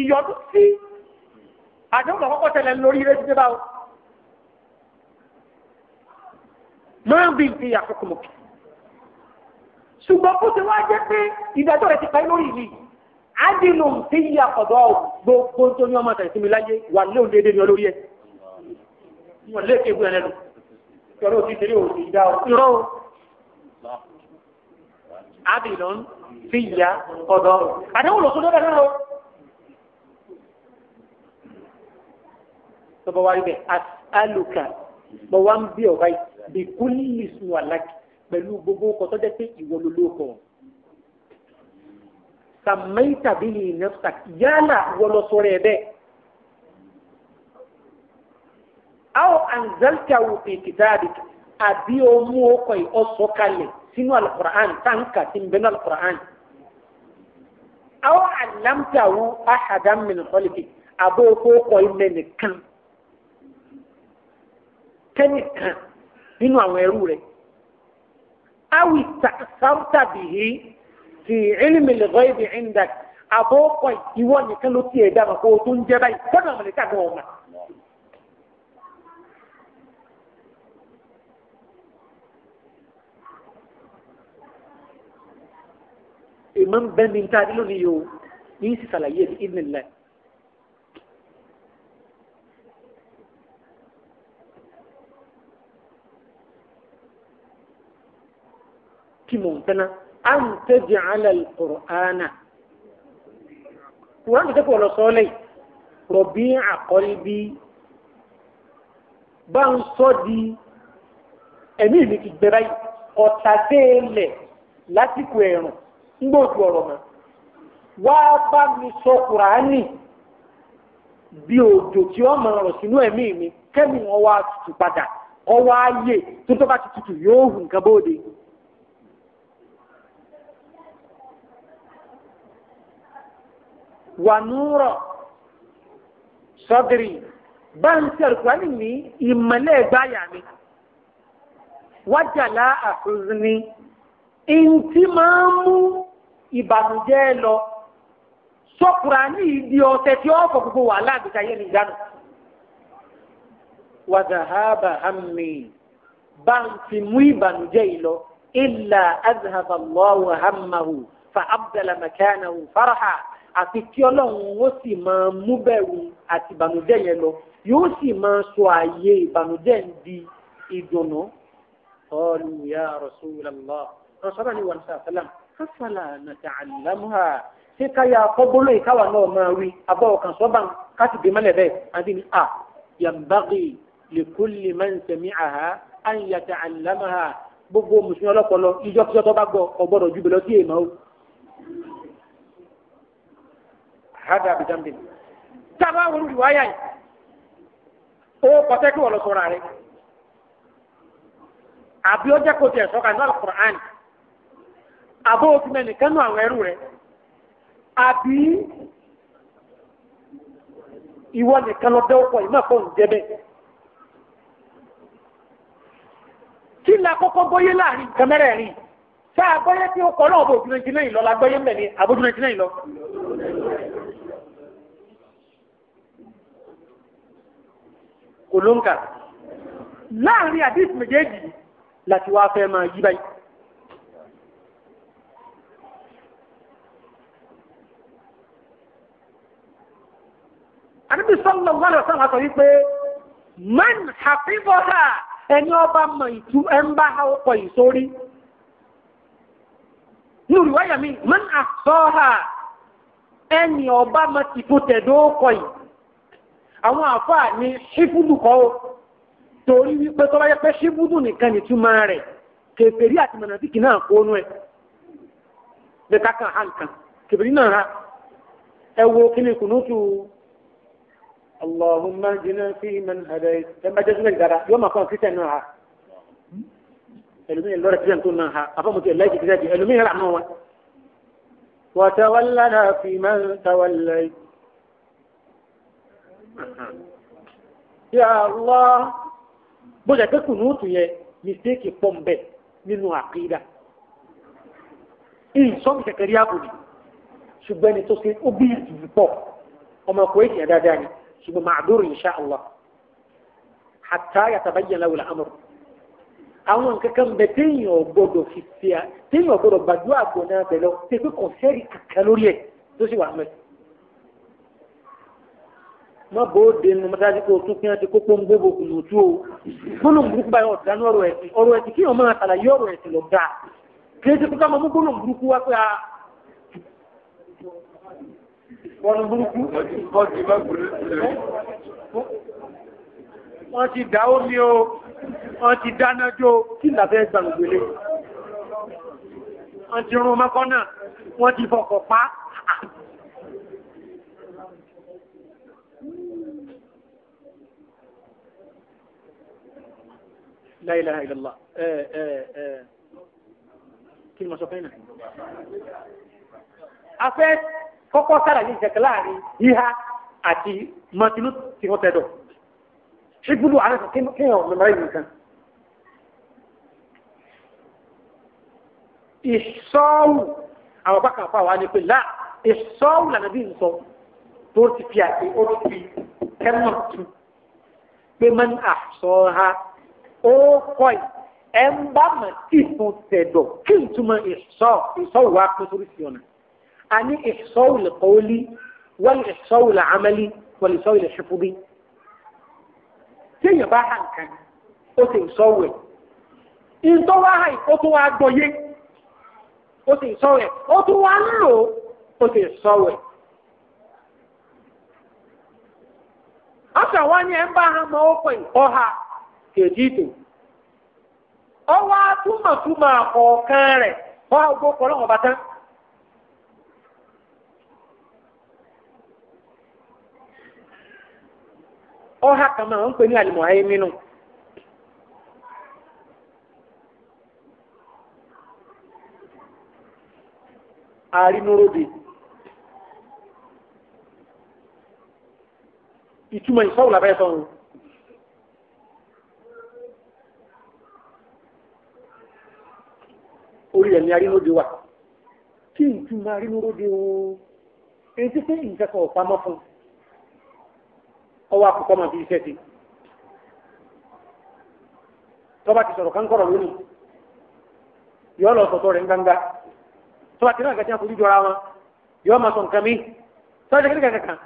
Speaker 1: ìyọdú sí àdéhùn àkọ́kọ́ tẹ̀lẹ̀ lórí rẹ̀ ti dé báwo máa bí tí ìyà ṣùkùnù ṣùgbọ́n kó ti wá jẹ́ pé ìdájọ́ rẹ̀ ti parí lórí mi adìlù tí ìyà ọ̀dọ́ gbogbo tó ní ọmọ tẹ̀sí mi láyé wà lóun déédéé ní olórí ẹ̀ wọ́n lé kéwù ẹ̀ lẹ́nu yọrọ òsì tẹ̀lé òsì ìdá ìrọ̀ o. Abilọ̀ ń fi ìyá ọ̀dọ́ rẹ̀. Àdéhùn lòsùn lọ́dọ̀ náà o. Tọ́ba wa rí bẹ́ẹ̀, àlùkà mọ̀ wá ń bí ọ̀rá yìí, bí kúlì sùn àlákì pẹ̀lú gbogbo ọkọ̀ tó jẹ́ pé ìwọ ló lóko. Sàmẹ́ntàbí ni ìnáfsà yálà wọlọ́sọ̀rọ̀ ẹ̀ bẹ́ẹ̀. aw anzaltahu fi kitabika àbí o mú o kọ̀ ọ́ sọ̀kalẹ̀ sínú alukur'an tanka tí ń bẹ ní alukur'an aw allamtahu ahadan min khalqik àbí o kò kọ̀ ilẹ̀ nìkan kẹ́nìkan nínú àwọn ẹrú rẹ̀ aw ista'tharta bihi fi ilmi al-ghaybi 'indak àbí o kọ̀ ìwọ nìkan ló tiẹ̀ dára kó o tó ń jẹ́ báyìí kọ́nà àmàlẹ́ká gan-an èèmọ̀ ń bẹ́ mi ń ta nílò ní yòó ní sì ṣàlàyé ní ìdílé kí mò ń tẹ́ná à ń tẹ́jẹ̀ alẹ́ kùrọ̀ánà kùrọ̀ánà tẹ́kọ̀ ọ̀rọ̀ sọ́ọ́lẹ̀ rọ̀bí àkọ́lé bí bá ń sọ́ di ẹ̀mí mi ti gbẹ báyìí ọ̀tà tẹ́ẹ̀lẹ̀ lásìkò ẹ̀rùn. ńgbò ju ọ̀rọ̀ mọ́ bá sọ bí òjò tí ó mọ̀ sínú ẹ̀mí mi kẹ́mi wọn wá padà kọ́ wá yè tó tó yóò hù nǹkan bóde. wànúrọ̀ sọ́dìrì bá ń ṣe àlùkùránì ìbànújẹ́ lọ sọ́kùnrin àní ìdí ọ̀tẹ̀ tí ó fọ gbogbo wàhálà àgbẹ̀ta yẹn ní ìdáná. wàdàhábà hàmì bá ń fi mú ìbànújẹ́ yìí lọ ilà azhaballahu hàmàhù fa abdala makanahu faraha àti kí ọlọ́run ó sì máa mú bẹ̀rù àti ìbànújẹ́ yẹn lọ yóò sì máa sọ ààyè ìbànújẹ́ ń di ìdùnnú. qalu ya rasulallah rasulallah ni wàlúùsà sálàmù káfàlà nàta àlámùhà ṣé káyà kọ́gbóló ìkáwà náà máa wí abọ́ ọ̀kan sọ́bà káti bí mọ́lẹ̀ bẹ́ẹ̀ àti ní a yambagi likulli man sami'aha an yata àlámùhà gbogbo mùsùlùmí ọlọ́pọlọ ìjọ kí ọtọ́ bá gbọ́ ọgbọ́dọ̀ ju bẹ̀lọ́ tí èèmọ́ o. hada abidjanbe tábà wọn lù wáyà yìí ó kọ́tẹ́kì wọ̀ sọ̀rọ̀ rẹ̀ àbí ó jẹ́ tiẹ̀ sọ́kà ní alukùránì àbó òfin mẹ́nìkan nù àwọn ẹrú rẹ̀ àbí ìwọ nìkan lọ dẹ́wọ́ pọ̀ ìmọ̀ fóun jẹ́bẹ̀. kí la kọ́kọ́ gbọ́yé láàrin nǹkan mẹ́rẹ̀ẹ̀rin sáà gbọ́yé tí ó kọ́ náà bó òfin ẹ̀jẹ̀ náà ìlọ la gbọ́yé mẹ́ni àbójú ẹ̀jẹ̀ náà ìlọ. kò ló láàrin àdéhùn méjèèjì láti wá fẹ́ máa yí báyìí. àníbi sọ́lọ̀ wọ́lọ̀ sọ́lọ̀ sọ wípé man hafibọ́ha ẹni ọba mọ̀ ìtú ẹnbá ọkọ̀ ìsórí nínú ìwáyà mi man àfọ́ha ẹni ọba mọ̀ ti fún tẹ̀dọ́ ọkọ̀ yìí àwọn àfà ní ṣífúdù kọ́ torí wípé tó bá yẹ pé ṣífúdù nìkan nìtumọ̀ rẹ̀ kèfèrí àti mọ̀nàfíkì náà kó nú ẹ̀ lẹ́ka kan hàn kan kèfèrí náà ra ẹ wo kí ni kùnú tu اللهم اهدنا فيمن هديت لما جزنا الجرا يوم أكون في سنوها إلمي اللورة تبين كناها أفهمت الله كتابي إلمي رحمه وتولنا فيمن توليت يا الله بوجا كنوت يا ميستيكي بومبي nínú àkídà ìsọ́n kẹ̀kẹ́ rí àbòdì ṣùgbọ́n ẹni tó ṣe ó bí ìtùbù pọ̀ ṣùgbọ́n màdúrù insha allah hatta yatabayyana lahu al-amr àwọn nǹkan kan bẹ téèyàn gbọ́dọ̀ fi ṣe à téèyàn gbọ́dọ̀ gbàdúrà àgbò náà bẹ lọ ṣe pé kọnsẹrì kankan lórí ẹ tó sì wà mẹ. má bòóde nu mọ́tàdí kó o tún kí wọ́n ti kó pọ́ńgbó bo kùnú tú o gbólóhùn burúkú báyọ̀ ọ̀dánú ọ̀rọ̀ ẹ̀sìn ọ̀rọ̀ ẹ̀sìn kí wọ́n máa ṣàlàyé ọ̀rọ̀ ẹ̀sìn lọ dáa kí ẹ ti kó ká máa mú gbólóhùn burúkú wá pé a wọ́n burúkú wọ́n ti dá omi o wọ́n ti dáná jó kí làfẹ́ gbàngbèlé
Speaker 2: wọ́n ti rún mọ́kànnà wọ́n ti fọkọ̀ pa La ilaha
Speaker 1: illallah ẹ̀ ẹ̀ ẹ̀ kí ni mo sọ fẹ́ kọ́kọ́ sàlàyé ìjẹ̀kẹ́ láàrin yíha àti mọ́tínú tí wọ́n tẹ̀dọ̀ ṣígbúlù àwọn ẹ̀sìn kéèyàn mẹ́mẹ́rẹ́ yìí nìkan. ìṣọ́wù àwọn apá kan fáwọn ni pé là ìṣọ́wù lànà bí nsọ tó ti fi àti ó ti fi kẹ́mọ̀ tu pé mọ́n àṣọ ha ó kọ́ ẹ̀ ẹ̀ ń bá mà tí fún tẹ̀dọ̀ kí n túmọ̀ ìṣọ́ ìṣọ́wù wa pín sórí sí ọ̀nà a ní ìṣọ́wò lè kọ́ọ́lì wọ́n ìṣọ́wò lè amẹ́lì wọ́n ìṣọ́wò lè ṣẹ́fúbí. téèyàn bá hàn kan ó sì ń sọ́wọ́ ẹ̀ ìtọ́ wá hàn ó tún wá gbọ́yé ó sì ń sọ́wọ́ ẹ̀ ó tún wá lò ó sì ń sọ́wọ́ ẹ̀. ọ̀sẹ̀ bá hàn mọ́ ó pè ń kọ́ ha kèjì tó ọwọ́ atúmọ̀túmọ̀ kọ̀ọ̀kan rẹ̀ wọ́n á gbó kọ́ lọ́wọ́ ọha kan máa ń pè ní àlùmọ̀ọ́yẹ́mínú. àrínúròdì ìtumọ̀ ìsọ́wò làbẹ́ sọ́run orí ẹ̀mí àrínúròdì wà kí ìtumọ̀ àrínúròdì ooo èyí tí pé ìjẹ́kọ̀ọ́ pamọ́ fún un ọwọ́ àkọ́kọ́ máa fi iṣẹ́ ti tọ́ba ti sọ̀rọ̀ kánkọ̀rọ̀ lónìí yọ lọ sọ̀tọ̀ rẹ̀ ńgángá tọ́ba ti náà gàtíyàn fojú jọra wọn yọ máa sọ nǹkan mi tọ́jà kékeré kankan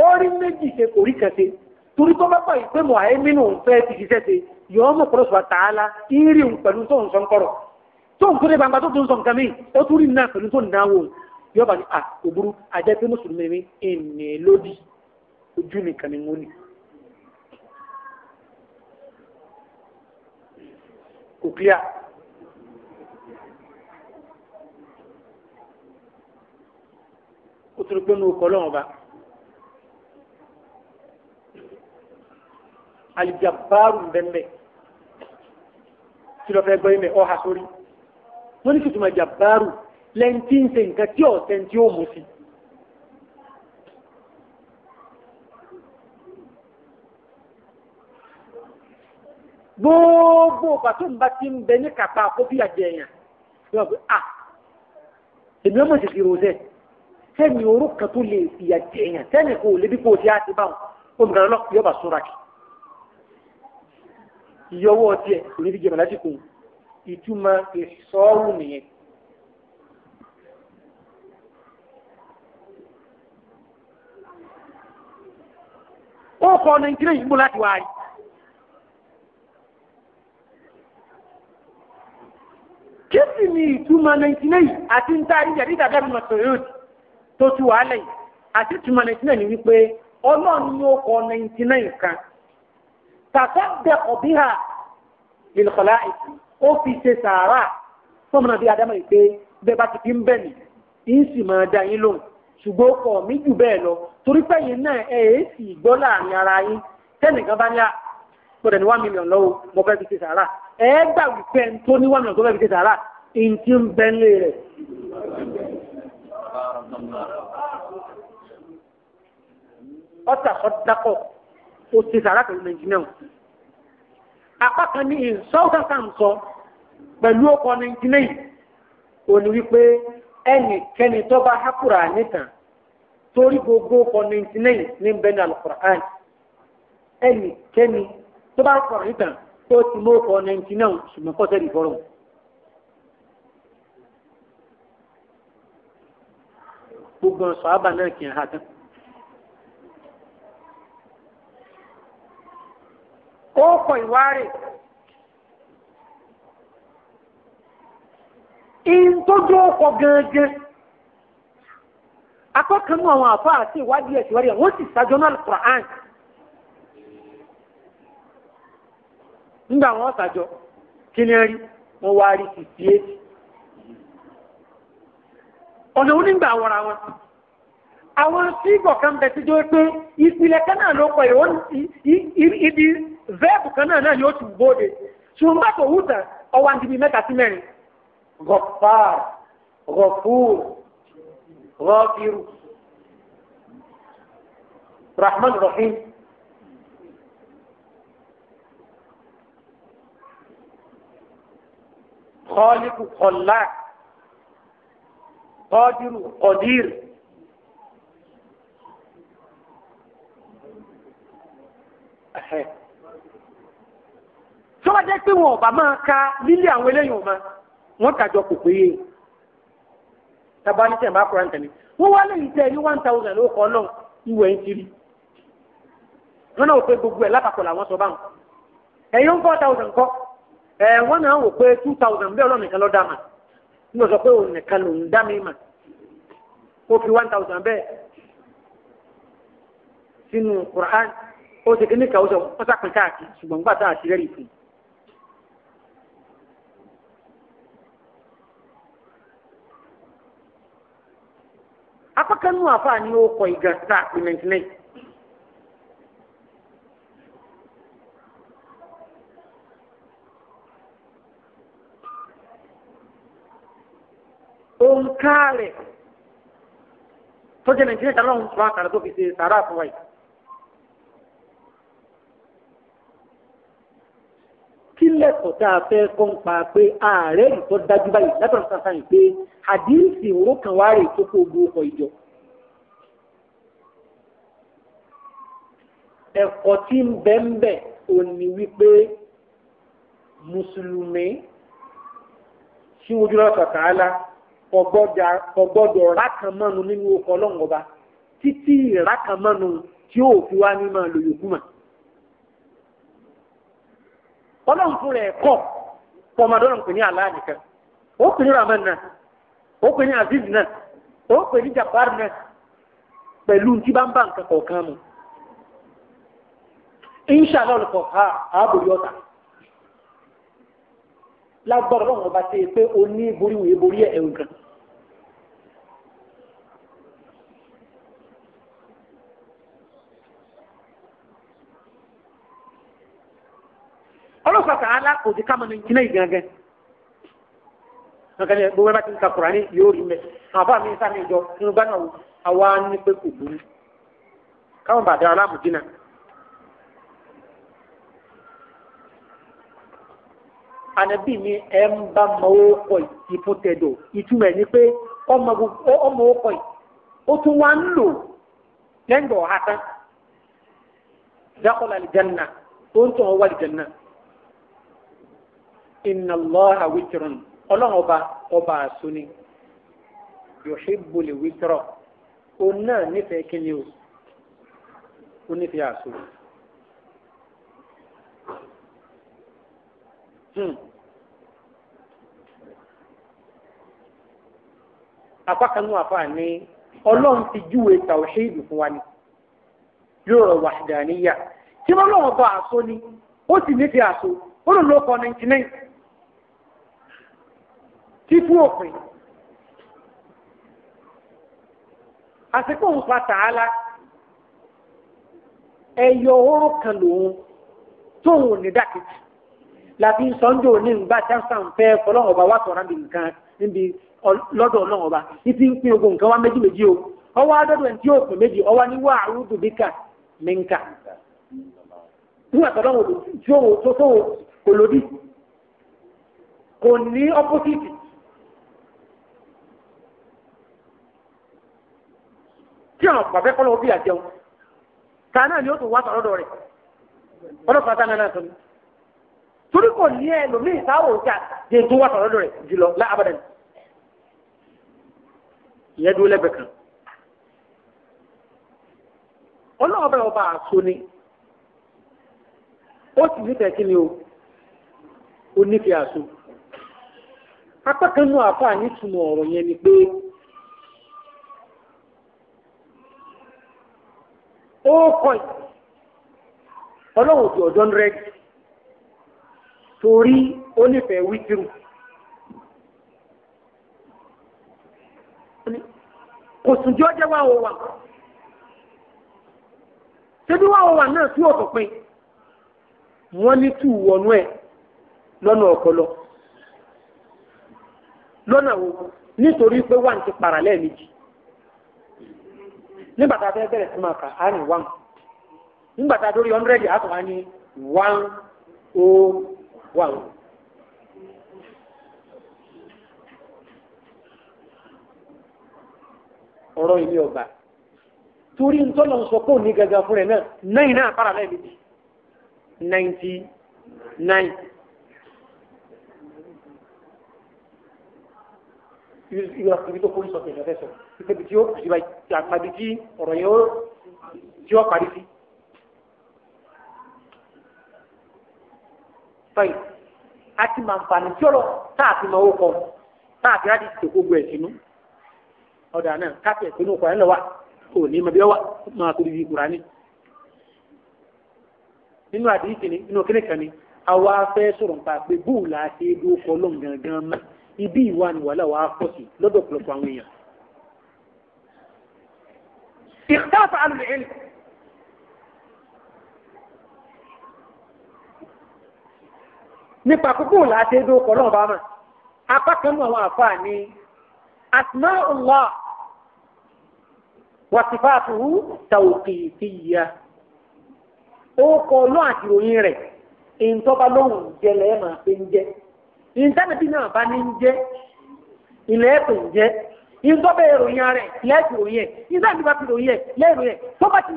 Speaker 1: ó rí méjì ṣe kò rí kẹsẹ̀ torí tó bá bá yìí pé mọ̀ ayé mínú fẹ́ ti ṣiṣẹ́ ṣe yọ ọmọ kúrò sọ àtàlà ìrì òun pẹ̀lú tó ń sọ nkọ̀rọ̀ tó ń kúrò gbangba tó tó ń sọ nǹkan mi ó tún rí náà pẹ̀lú tó ń dáwọ́ yọba ni à òbúrú àjẹpé mùsùlùmí mi ènìyàn ojú nìkan ni mo ní. kò clear. ó tún pé ní okọ̀ ọlọ́run ọba. alijabaru bẹ́ẹ̀ tí lọ́ọ́ fẹ́ gbọ́ yín mẹ́ ọ́ ha sórí. wọ́n ní kìtùmọ̀ jabaru lẹ́yìn tí ń ṣe nǹkan tí ọ̀sẹ̀ tí ó mú sí i. gbogbo pàtó ń bá ti ń bẹ ní kàpá kó bí àjẹyàn yóò fi à èmi ọmọ ìṣèṣì rọ̀ṣẹ́ sẹ́ni orú kan tó lè fi àjẹyàn sẹ́ni kò lè bí kò ti á ti báwọn olùkàrọ̀ lọ yóò bá súnra kì iye owó tiẹ̀ kò ní fi jẹ̀mọ̀ lásìkò ìtumọ̀ ìsọ́ọ̀rù nìyẹn. ó kọ́ ní kí lè yìnbó láti wáyé. kí sì ni ìtumọ̀ ninety nine àti níta àríjàdí ìdàgbà mi ati yóò tó ti wà lẹ́yìn àti ìtumọ̀ ni wípé ọlọ́run ni ó kọ kan tàfẹ́ ọbịa bí ha ìlùkọ̀lá ìsì ó fi ṣe sàárà bí adama yìí pé bẹ́ẹ̀ bá ti fi ń bẹ̀ mí ń sì máa da yín lóhùn ṣùgbọ́n ó kọ̀ mí jù bẹ́ẹ̀ lọ torí pẹ́yìn náà ẹ̀ ẹ́ sì gbọ́ láàrin ara yín tẹ́nìkan bá ní à mo ní one million lọ́wọ́ mo fẹ́ fi ṣe sàárà ẹ gbà tó ní one million tó fẹ́ fi ṣe sàárà ẹni tí ń bẹ́ rẹ̀. sàárà pẹ̀lú nàìjíríà apá kan ní sọ pẹ̀lú ọkọ̀ torí gbogbo ọkọ̀ nàìjíríà ní bẹ́ẹ̀ ní tó bá kọ̀rọ̀ nìkan tó ti mú ọkọ̀ nẹ́ńtì náà ṣùgbọ́n kọ́ sẹ́ẹ̀dì fọ́rọ̀. gbogbo ọ̀sọ̀ àbá náà kì í ha tán. ó in tó jó ọkọ̀ gẹ́gẹ́ akọ́kànnú àwọn àfáà àti ìwádìí ẹ̀sìwádìí àwọn ó sì sájọ́ náà Kùránì ńgbà wọn ṣàjọ kí ni rí wọn wá rí awara eight ọ̀nà onígbà wọra wọn àwọn sígọ̀ kan bẹ̀ síjọ́ pé ìpìlẹ̀ kan ló pọ̀ ìwọ́n ibi vẹ́ẹ̀bù kan náà ni ó ti bóde ṣùgbọ́n bá tó wùtà ọwọ́ àti ibi mẹ́ta sí mẹ́rin rahim خالق خلاق قادر قدير tó jẹ́ pé wọn ọba máa ka lílé àwọn eléyìí ụma, wọn kàjọ kò péye tabanitẹ̀ bá kúrò àǹtẹ̀lẹ̀ wọ́n wá lẹ́yìn tẹ̀ ní one thousand ló kọ́ náà ìwẹ̀ ń kiri wọn náà wọ́n gbogbo ẹ̀ lápapọ̀ làwọn sọ báwọn ẹ wọ́n náà wò pé two thousand bẹ́ẹ̀ ọlọ́run nìkan ló dá mà nígbà sọ pé òun nìkan ló ń dá mi mà ó fi one thousand bẹ́ẹ̀ sínú Quran ó ti kíní kàwé sọ wọ́n sàpín káàkiri ṣùgbọ́n nígbà tá a ti rẹ́rì fún un. apákanú àfáà ni ó kọ ìgbà tá a pè mẹ́ntínẹ́yì. òǹkà rẹ̀ tó jẹ́ nàìjíríà tán lọ́hùn fún àkàrà tó fi ṣe sàrà fún wa yìí. kí lẹ́kọ̀ọ́ tá a fẹ́ kọ́ ń pa pé ààrẹ yìí tó dájú báyìí látọ̀rọ̀ sáfàn yìí pé àdínsì òru kan wá rè tó kó o gbowó kọ ìjọ. ẹ̀kọ́ tí ń bẹ́ ń bẹ̀ ò wípé mùsùlùmí tí wọ́n jùlọ sọ̀tàálá. kò gbọ́dọ̀ rákàmánu nínú ọkọ̀ ọlọ́run ọba títí ìrákàmánu tí ó fi wá ní máa lo yòókù mọ̀. ọlọ́run fún rẹ̀ kọ̀ pọ̀mọdọ́rùn pè ní àlá ó pè ní náà ó pè ní Aziz náà pẹ̀lú tí bá ń bá nǹkan lágbára lọ́wọ́ bá ṣe pé o ní boríwò eborí ẹ̀ ẹ̀rù kan. ọlọ́pàá tààlà kò sí kámọ́ nìyí náà ìgangan nǹkan ní gbogbo ẹ bá ti ń ka Kùránì yóò rí mẹ àbá mi sáà mi jọ inú àwa ní pé kò burú káwọn bàdé anabi ni ẹ ń bá mọ́wókọ̀ ìfún tẹ̀dọ̀ ìtumọ̀ ẹ̀ ni pé ọmọ òkọ̀ yìí ó tún wá ń lò lẹ́yìn ọ̀há tán dákọ̀lá àlìjánná tó ń tàn wá àlìjánná inna Allaha witrun ọlọ́run ọba ọba àsúni yuhibbu li witra òun náà Hmm. apákanú àfáà ní ọlọ́run ti júwe tàwíṣíìdù fún wa ni yóò rọ wàhídàníyà tí wọ́n lọ́wọ́ bá aṣọ ni ó sì nífẹ̀ẹ́ aṣọ ó lò lóko ninety tí fún òpin àsìkò ń fa tààlà ẹ̀yọ̀ oró kan lòun tóun ò ní dàkejì. láti sọ́njọ́ ní ìgbà tí a sàn fẹ́ fọlọ́wọ́ bá wà sọ̀rọ̀ níbi nǹkan níbi lọ́dọ̀ ń ogun nǹkan wá méjì méjì o ọwọ́ adọ́dọ̀ ẹni tí yóò pín méjì ọwọ́ ní wà áwùdù bí kà mí nkà tí ó tó tó torí kò ní ẹ lómi ìsáwò tí a jẹ tó wà sọ̀rọ̀ rẹ̀ jùlọ láàbàdàn ìyẹn dúró lẹ́gbẹ̀ẹ́ kan ọlọ́run bẹ̀rẹ̀ ọba àṣọ ni ó sì nífẹ̀ẹ́ kí ni o ó nífẹ̀ẹ́ àṣọ apá kan nù àfáà nítumọ̀ ọ̀rọ̀ yẹn ni pé ó kọ́ ọlọ́run ti ọ̀dọ́ rẹ́gì torí ó nífẹ̀ẹ́ wítírù kò sùn jọ jẹ́ wàá wà ṣébí wàá wà náà tí ò tó pin wọ́n ní tù wọnú ẹ̀ lọ́nà ọpọlọ lọ́nà wo nítorí pé wà ní ti para lẹ́ẹ̀mejì nígbà tá bẹ̀rẹ̀ sí máa kà á ní wàm nígbà dórí hundred àtọ̀ ní one oh wà wọn. ọ̀rọ̀ ilé ọba torí ntọ́lọ̀ ń sọ pé òní gangan fún rẹ̀ náà náì náà para láì méjì ninety nine. ìyá ibi tó kórìí sọ pé ìyá fẹ́ sọ ibi tí ó kùsì báyìí àpàdé tí ọ̀rọ̀ yẹn ó tí ó parí sí. tọ́yì àti màǹfààní tí ọ̀rọ̀ táàtì máa wọ́kọ̀ táàtì o tẹ̀ gbogbo ẹ̀ sínú ọ̀dà náà káfíẹ̀ tó ọkọ̀ ẹ̀ lọ́wọ́ kò ní mọ̀bí ọwọ́ ni nínú bi kan ni àwa fẹ́ sọ̀rọ̀ ibi ìwà ni wàhálà wàá pọ̀ sí lọ́dọ̀ ọ̀pọ̀lọpọ̀ nípa kúkú láti ẹdọ ọkọ náà bá mà apá kan náà wọn àfa ní asma'ullah wa sifatuhu tawqifiyya orúkọ náà àti ìròyìn rẹ̀ ìǹtọ́ba lóhùn jẹlẹ̀ ẹ̀ máa pé ń jẹ́ ìǹtánẹ́tì náà bá ní ń jẹ́ ilẹ̀ ẹ̀pẹ̀ ń jẹ́ ìǹtọ́ba ìròyìn rẹ̀ lẹ́ẹ̀tì ròyìn ẹ̀ ìǹtánẹ́tì bá fi ẹ̀ ẹ̀ tó bá ti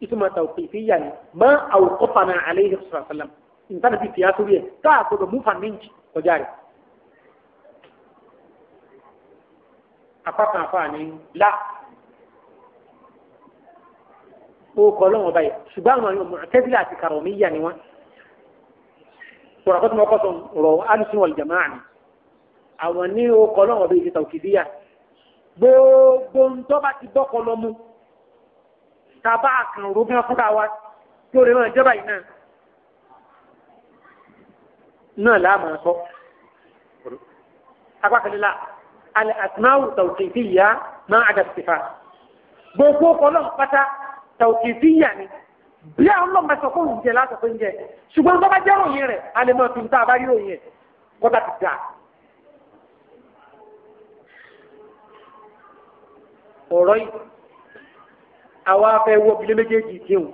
Speaker 1: Itu tawqifiyya ni ma awqafana alayhi sallallahu alaihi wasallam nǹkan ti fìyà sórí ẹ̀ káà gbọdọ̀ mú fan méjì kọjá rẹ̀. apákan àfààní la ó kọ́ lọ́wọ́ báyìí ṣùgbọ́n àwọn ọmọ tẹ́sílà àti kàrọ̀míyà ni wọ́n sọ̀rọ̀ kọ́tùmọ̀ kọ́tùm rọ̀ alùsùn wal jama'a ni àwọn ní ó kọ́ lọ́wọ́ báyìí ti tawqifiyya gbogbo ń tọ́ tàbá àkàn rògbìn fúnra wa tí ó lè máa jẹ́bà yìí náà náà láàmà sọ. apákanilá alẹ́ àtúnáwò tàwùkìtì yá máa àdàsífà gbogbo kọlọ́ pátá tàwùkìtì yá ni bí àwọn ọlọ́mọ sọ fún oúnjẹ láti fún oúnjẹ ṣùgbọ́n bá bá jẹ́ òyìn rẹ̀ a lè máa fi ń tá a bá ti dà. ọ̀rọ̀ yìí àwa fẹ́ wọ́ bilé méjèèjì tí òun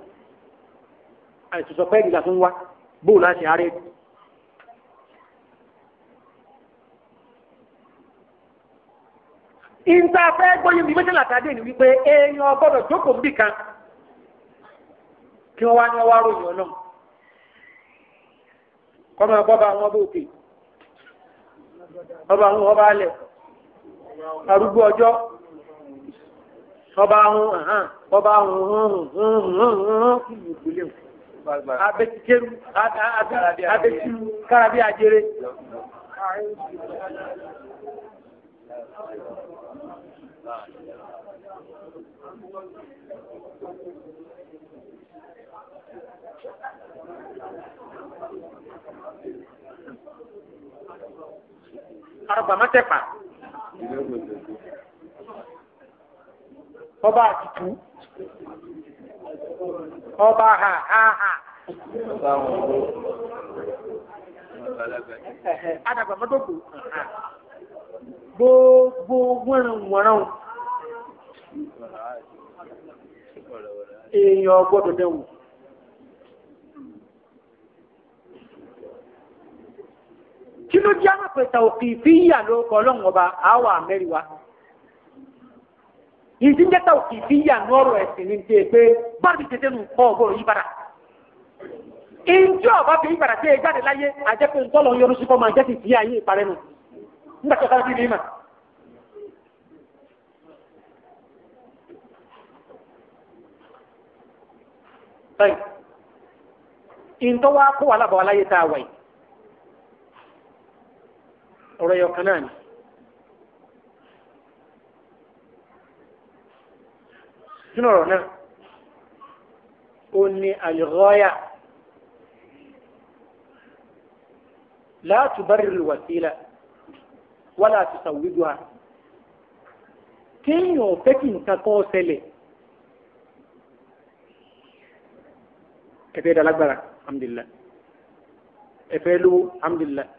Speaker 1: àìsùsọ pẹ́ẹ́lì la tún wá bóò láti àárẹ̀. ìta fẹ́ gbóyè mi méjìlá tàdé ni wípé èèyàn gbọ́dọ̀ jókòó kan kí wọ́n wá ní ọwọ́ àròyìn ọlọ́run ọba òkè tọ́ba hun hàn tọ́ba hun hun hun hun hun kí ni ìpínlẹ̀ o. abẹ́tíkẹ́rù abẹ́tíkẹ́rù kárábí ajere.
Speaker 2: Arba matepa.
Speaker 1: ọba àtìkú ọba ha ha ha.
Speaker 2: Adàgbà mọ́tòkò
Speaker 1: gbogbo wọ́nrán wọ́nrán èèyàn gbọ́dọ̀ dẹ̀wò. Kí ló jẹ́ àmàpẹ̀ta òkè ìfíyà ló kọ́ lọ́wọ́ ọba àwọ̀ àmẹ́rìwá? ìdí jẹ́ta òkè fi yà ní ọ̀rọ̀ ẹ̀sìn ní ti pé báàbí tètè nù kọ́ ọ̀gbọ́n yìí padà. ìjọ ọba fi ìbàdà tí ẹ jáde láyé àjẹpẹ́ ńtọ́lọ̀ ń yọrù síkọ́ máa jẹ́ ti fi ààyè ìparẹ́ nù
Speaker 2: nígbà tó sára sí ní ìmà.
Speaker 1: ìntọ́ wa kó wà lábọ̀ aláyé tá a wà yìí ọ̀rọ̀ yọ̀ kan náà ni. sínú ọ̀rọ̀ náà ó ní àlùgọ́yà láti bá rírì wàsílà wà láti sàwùjọ à kéèyàn ò fẹ́ kí nǹkan kan ṣẹlẹ̀ ẹ̀fẹ́ dalagbara alhamdulilayi ẹ̀fẹ́ lówó alhamdulilayi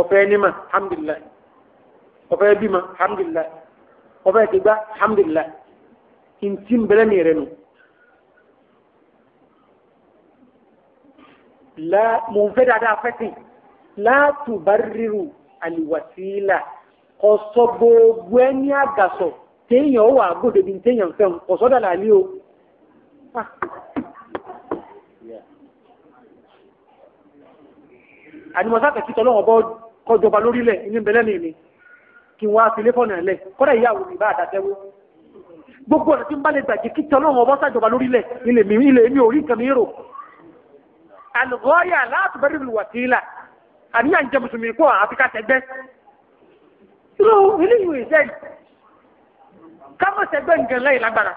Speaker 1: ọ̀fẹ́ nímà alhamdulilayi ọ̀fẹ́ bímà alhamdulilayi ọ̀fẹ́ tìgbà alhamdulilayi ntí mbẹ́lẹ́ mi rẹ̀ nù. la mo fẹ́ dáadáa fẹ́sìn láàtù bá ríru àlìwàsílà ọ̀sọ̀ gbogbo ẹni àgàsọ̀ téèyàn wà gbòdò bí téèyàn fẹ́ ọ̀sọ̀ dà láàlí o. àdìmọ̀sá kẹ̀kí tọ́lọ́wọ́ bọ́ kọjọba lórílẹ̀ ní bẹ́lẹ́ mi ni kí wọ́n á fi lé fọ́nà lẹ̀ kọ́dà ìyàwó mi bá gbogbo ọ̀nà tí ń bá lè gbàjẹ́ kí tọ́lọ́ wọn bọ́ sàjọba lórílẹ̀ ilẹ̀ mi ilẹ̀ mi ò rí nǹkan mi rò. àlùkòyà láti bẹ́rẹ̀ lù wàsílà àníyàn jẹ́ mùsùlùmí kó àfikà tẹ́gbẹ́. irú ilé ìwé ìṣẹ́ yìí ká mọ̀ sẹ́gbẹ́ nǹkan lẹ́yìn lágbára.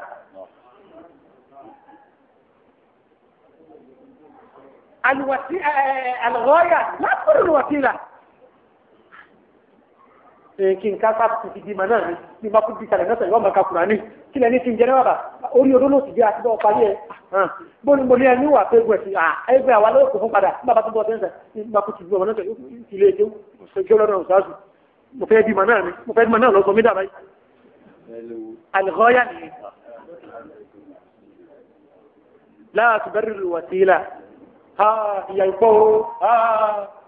Speaker 1: àlùkòyà láti bẹ́rẹ̀ lù wàsílà kí n ká ká ti di ma náà ni bí ma kú di kalẹ̀ náà sọ ìwọ́n ma ka kùnà ni kí lẹ́ni ti ń jẹrẹ bàbà orí odó ló ti di àti bọ́ọ̀ parí ẹ̀ bóni mo ní ẹni wà pé gbọ̀n sí ẹgbẹ́ àwa lọ́wọ́ kò fún padà bí bàbá tó bọ́ sẹ́ńsẹ̀ ní ma kú ti di ọmọ náà sọ ilé ẹjọ́ ẹjọ́ lọ́dọ̀ ọ̀sáàzù mo fẹ́ di ma náà ni mo fẹ́ di ma náà lọ sọ mí dàbá yìí. àlùkọ́yà ni láà tó bẹ́rẹ̀ lù wà sí ilà ìyà ìpọ́ o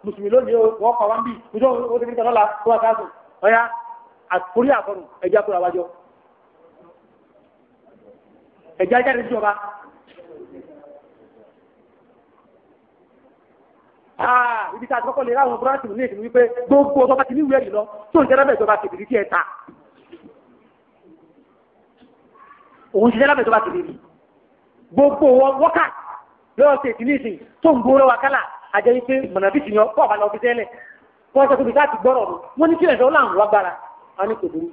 Speaker 1: mùsùlùmí lónìí o wọ́n kọ̀ wá ń bì ọ̀yá àkórí àkọrùn ẹja kúrò àwájọ ẹja jáde síjọba. Ah, ibi tí a kọ́kọ́ lè ráwọn búrọ́dì ní èdè wípé gbogbo ọba ti níwèé rí lọ tó ń jẹ́rẹ́bẹ̀ ìjọba kìbìrì kí ẹ ta òun ti jẹ́rẹ́bẹ̀ ìjọba kìbìrì gbogbo wọ́kà lọ́wọ́ sí èdè nísìn tó ń gbowó lọ́wọ́ kálà àjẹ́ wípé mọ̀nàbí ti yan kọ́ ọ̀bá lọ́ọ́ fi tẹ́lẹ̀ wọ́n sọ pé bíi láti gbọ́rọ̀ mi wọ́n ní kí ẹ̀dọ́ láàrún lágbára a ní kòtò mi.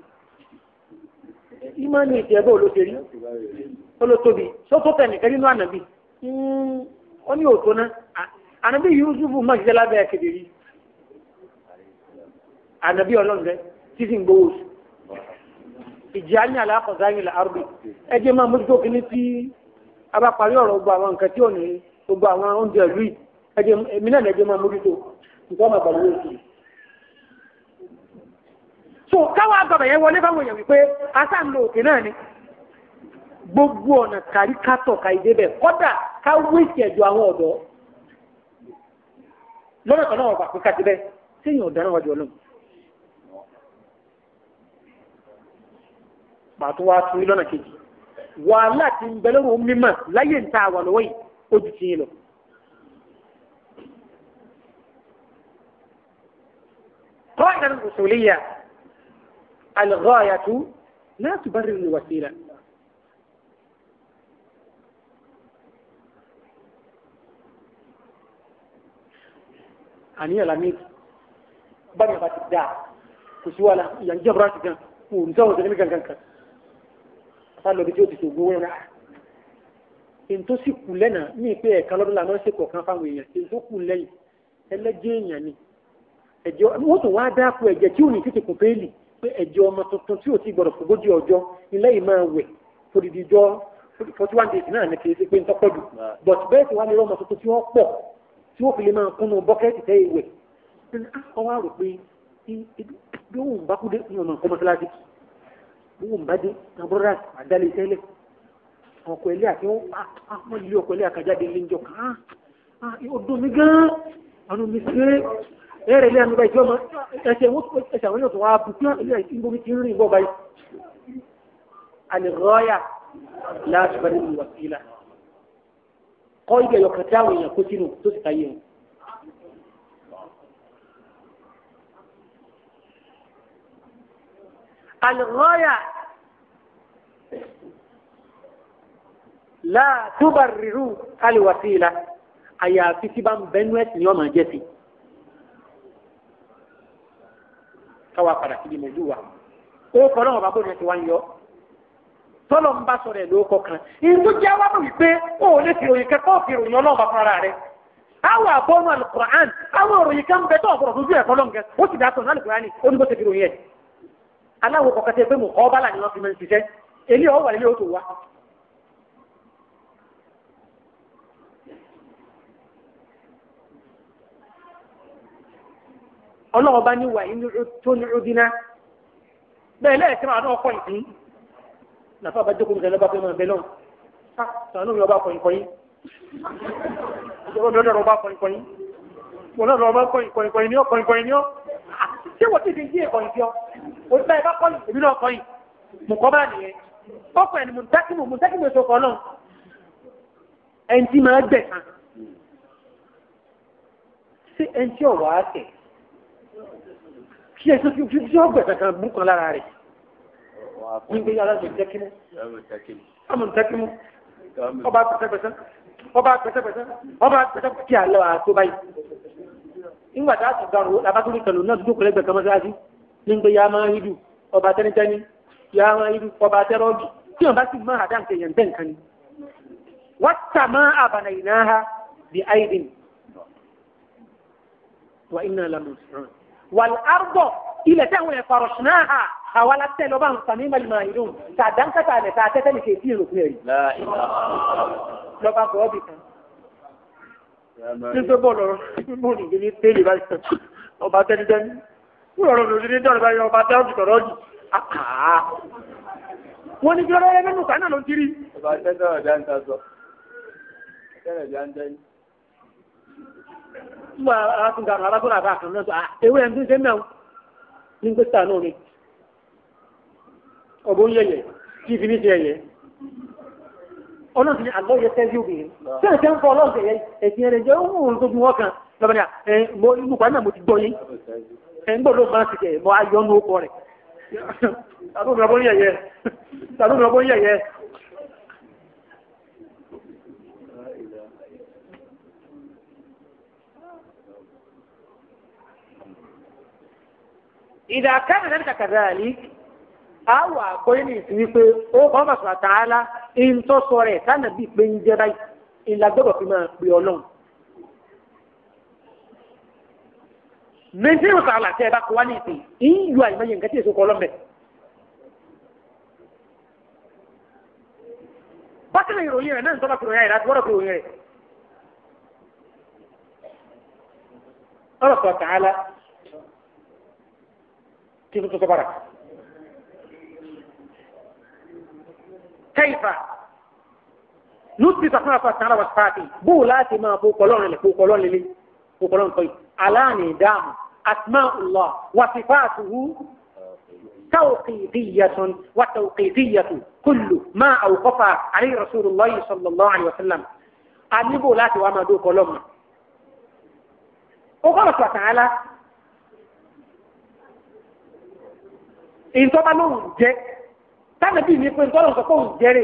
Speaker 1: ìmọ̀ ní ìtì ebe olóṣèlú olótóbi sótó tẹnìkẹ́ nínú ànàbì ó ní òtó náà ànàbì Yusufu mọ̀ ṣiṣẹ́ lábẹ́ ànàbì ọlọ́ọ̀dẹ́ títí ń gbowó oṣù ìjì ányà yìí làárùbí máa tí a bá parí ọ̀rọ̀ gbogbo àwọn nǹkan tí ò ní gbogbo àwọn oúnjẹ so káwọn agbọ̀bẹ̀ yẹn wọlé fáwọn èèyàn wípé gbogbo ọ̀nà kárí kátọ̀ ká ìdé kọ́dà ká wéèkì àwọn ọ̀dọ́ lọ́nà kan náà wà pé ti bẹ láyé lọ́wọ́ yìí ó tiyín lọ. kọ́ الغاية لا تبرر الوسيلة àníyàn lámì bá mi bá ti dáa kò sí wàhálà ìyàn jẹ́ bùrọ́sì gan kò ní sáwọn ìṣẹ́lẹ̀ gangan kan sá lọ bí tí ó ti ṣògbó wọn náà èyí tó sì kù lẹ́nà ní ìpè ẹ̀ka lọ́dún lànà ṣe kọ̀ọ̀kan fáwọn èèyàn èyí tó kù lẹ́yìn ẹlẹ́jẹ́ èèyàn ni ẹ̀jẹ̀ wọ́n tún wá dáàpọ̀ ẹ̀jẹ̀ tí ò ní títí kò péèlì pé ẹ̀jẹ̀ ọmọ tuntun tí ò ti gbọ́dọ̀ fògójì ọjọ́ ilé yìí máa wẹ̀ fòdìdíjọ́ forty one days náà ni kì í ṣe pé ń tọ́pọ̀ jù but bẹ́ẹ̀ ti wá lè rọ́mọ tuntun tí wọ́n pọ̀ tí wọ́n fi lè máa kúnnú bọ́kẹ́tì tẹ́ ìwẹ̀ ọ wá rò pé bí òun bá kú dé ní ọ̀nà nǹkan mọ́sálásí bí òun bá dé àbúrò àdálé tẹ́lẹ̀ ọkọ̀ ilé àti wọ́n ilé ah, ah, ọkọ̀ ilé àkàjáde ilé ìjọ kan ah, ó dùn mí gan-an àánú mi ṣe é ẹ̀rẹ̀ ní àmì ìjọba ẹ̀ṣẹ̀ àwọn ènìyàn tó wá bù tí ìbomi ti ń rìn bọ́ báyìí àlèrọ́yà láti bá nínú wàsílà kọ́ ìgbà yọkàn tí àwọn èèyàn kó sínú tó sì àyàfi tí bá ń bẹnu ẹ̀sìn yọ̀ọ́ máa jẹ́ sí káwa padà síbi mọ̀jú wa ó kọ́ náà bàbá òun ti wá ń yọ tọ́lọ̀ ń bá sọ̀rọ̀ ẹ̀ ló kọ́ kan ìlú jẹ́ wá mọ̀ wípé ó lè fi ròyìn kẹ́kọ́ fi ròyìn ọlọ́ọ̀bà fúnra rẹ̀ àwọn àbọ̀nù alukur'an àwọn òròyìn kan bẹ tó ọ̀gbọ̀rọ̀ lójú ẹ̀kọ́ lọ́nkẹ́ ó sì dá sọ̀rọ̀ alukur'an ó ní bó ṣe fi ròyìn ẹ̀ aláwo kọ̀kẹ́ tẹ pé mo kọ́ bá là ní fi mọ́ ọlọ́run bá ní wà inú tó ní ọdínà bẹ́ẹ̀ lẹ́ẹ̀kí máa dán ọkọ̀ ìpín nàfà bá jókòó nìkan lọ́ba fẹ́ máa bẹ́ẹ̀ náà sànú mi ọba kọ̀yìn kọ̀yìn ìjọba ọba kọ̀yìn kọ̀yìn wọn náà ọba kọ̀yìn kọ̀yìn kọ̀yìn ní ọ kọ̀yìn ní ọ ṣé wọ́n ti di jí ẹ̀kọ̀yìn fi ọ o ti bá ẹ bá èmi náà kọ̀yìn mò kọ́ bá nìyẹn ọkọ̀ ẹni mùtákìmù mùtákìmù èso kọ̀ náà ẹni tí máa gbẹ̀sán sí ẹni tí ọ̀wọ́ á tẹ̀ kí ẹ sọ́kí fi fi ọgbẹ̀ kankan mú kan lára rẹ̀ ní gbé yàrá mi tẹ́kímú ọmọ mi tẹ́kímú ọba pẹ̀sẹ̀pẹ̀sẹ̀ ọba pẹ̀sẹ̀pẹ̀sẹ̀ ọba pẹ̀sẹ̀pẹ̀sẹ̀ kí àlọ́ àtó báyìí nígbà tá a ti gbàrú abátúrú kẹlò náà dúdú kọlẹ́gbẹ̀ kan mọ́sálásí ní gbé yàrá máa yídù ọba tẹ́nitẹ́ni yàrá máa yídù ọba tẹ́rọ́ọ̀gì tí wọn bá sì máa àdá nǹkan yẹn bẹ́ẹ̀ nǹkan ni wọ́n tà máa àbànà ìnáha bí àìdìn wà ìnáà lámùsùn wal ardo ilẹ̀ tẹ́ àwọn ẹ̀fọ́ ọ̀ṣun náà hà àwa la tẹ́ lọ́ba nǹkan ní mẹ́lìmọ̀ ìlú tà dáńkátà alẹ̀ tà tẹ́tẹ́ ní kéèké ìròkùn ẹ̀rí. lọ́ba bọ̀ ọ́bì kan. nítorí bọ́ọ̀lù mo ní ìdílé tẹ́lẹ̀ báyìí ọba tẹ́nidẹ́ni. wúrọ̀rọ̀ lòdì ní dọ́ọ̀lù báyìí ọba tẹ́ wọ́n ní bí ọlọ́rẹ́ mẹ́nu kan náà ló ń tiri. ọba tẹ́tẹ́ ọ̀dà ń ta sọ. tẹ́tẹ́ ọ̀dà ń tẹ́yìn nígbà alákùnrin àwọn alákùnrin àbá kan náà tó ewé ẹni tó ń ṣe mẹ́wọ́n ní gbèsè àná mi ọ̀bọ̀ ń yẹ̀yẹ̀ kí ibi ní ti yẹ̀yẹ̀ ọlọ́run ti ní àlọ́ yẹ tẹ́jú obìnrin tí ẹ̀ṣẹ̀ ń fọ ọlọ́run yẹ ẹ̀sìn ẹ̀rẹ̀ jẹ́ òun tó bí wọ́n kan lọ́bẹ̀rẹ̀ ẹ̀ mo ìlúpa náà mo ti gbọ́ yín ẹ̀ ń gbọ́dọ̀ máa ti tẹ̀ mọ́ ayọ́nú ó rẹ̀
Speaker 2: tàbí ọ̀bọ̀n yẹ̀yẹ̀
Speaker 1: إذا كان ذلك كذلك أو أقولني سويك أو الله سبحانه وتعالى إن تصوري كان بيك بين جبي إلا دبا فيما بيولون من سيما تعالى سيبا كوانيتي إن يوالي من ينكتي سوك ولمبه bákan ìròyìn rẹ̀ náà ń tọ́lá kìròyìn rẹ̀ láti wọ́rọ̀ kìròyìn rẹ̀ ọ̀rọ̀ كيف تصبرك كيف نثبت أسماء الله تعالى وصفاته بولاتي ما فوقلون لي فوقلون لي فوقلون طيب علاني دام أسماء الله وصفاته توقيفية وتوقيفية كل ما أوقف عليه رسول الله صلى الله عليه وسلم أنبو لا توامدو كلهم وقال الله تعالى èyí tó bá lóhùn jẹ tánàbí ní pé tọ́lọ̀ sọ fóun jẹrè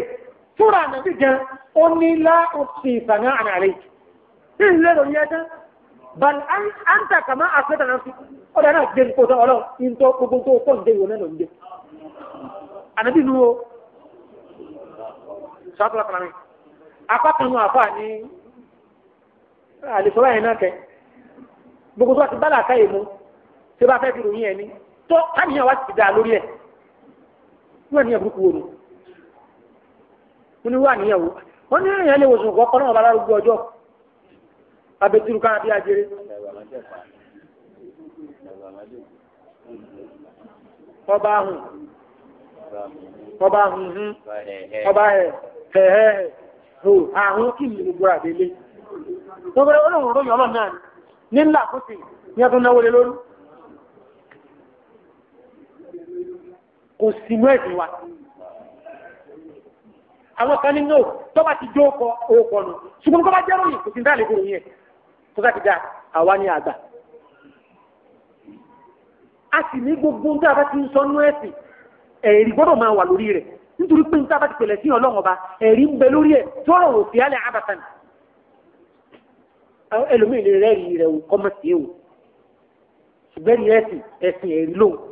Speaker 1: fúnra ànàbí gan ó ní lá òsì ìfàná ànàlẹ́ tí ìlú èrò yẹn tán bal an ta kama àfẹ́tà náà fi ọ̀dà náà jẹ́ nípa ọ̀dà ọlọ́run ní tó gbogbo tó pọ̀ ní ìwọ̀n náà lóde ànàbí nu o sọ́kùnrin kan tọ́ káníyàn wá ti dà lórí ẹ̀ wọ́n ní ẹ̀bùrúkú wòlò wọ́n ní wà níyàwó wọ́n ní èèyàn lè wòsàn kọ́ kọ́nà ọ̀bára gbogbo ọjọ́ abẹ́tìrú kára bí ajere.
Speaker 2: ọba ahùn ọba ahùn hún ọba
Speaker 1: ẹ̀ ẹ̀ẹ́ ò àhún kí ni gbogbo àdélé. wọ́n bẹ̀rẹ̀ olóhùn ròyìn ọlọ́run náà nílà kó sì ní ọdún náwó lé lórí. kò sí inú ẹ̀sìn wa. àwọn kan nínú tọ́ba ti jó kọ òkò nù ṣùgbọ́n kọ́ba jẹ́ ròyìn kò sí ní dáàlẹ́ kúrò yẹn tó sá ti dá àwa ní àgbà. a sì ní gbogbo ohun tí a bá ti ń sọ nú ẹ̀sìn ẹ̀rí gbọ́dọ̀ máa wà lórí rẹ̀ nítorí pé níta bá ti pèlè sí ọlọ́run ọba ẹ̀rí ń bẹ lórí ẹ̀ tọrọ wò sí alẹ́ abatan ẹlòmíì lè rẹ́rìí rẹ̀ wò kọ́mọ̀tì ẹ̀ wò ṣùgbẹ́ni ẹ̀sìn ẹ̀sìn ẹ̀rí lóhùn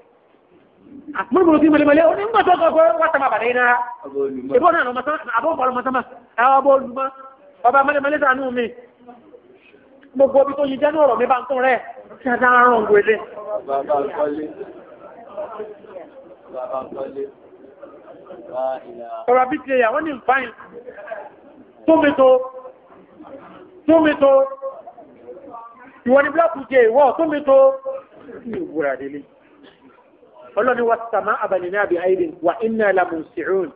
Speaker 1: múlùmùlù tí mẹlẹmẹlẹ ó ní ń gbọ́dọ̀ gbọ́ wọ́n sábà bàdé iná ìbò náà lọ mọ̀sán àbọ̀ bọ̀rọ̀ mọ̀sán àwọn bó lùmọ́ ọba mẹlẹmẹlẹ sànú mi gbogbo omi tó yin jẹ́ náà ọ̀rọ̀ mi bá ń tún rẹ̀ kí a dára rán ògùn ilé. bí ti ẹ̀yà wọ́n ní nfàìn tómito tómito ìwọ ni bílọ̀kù jẹ ìwọ tómito ìwúra délé ọlọ́ni wa sàmà àbànínà àbí àìrìn wà iná làmùsìrún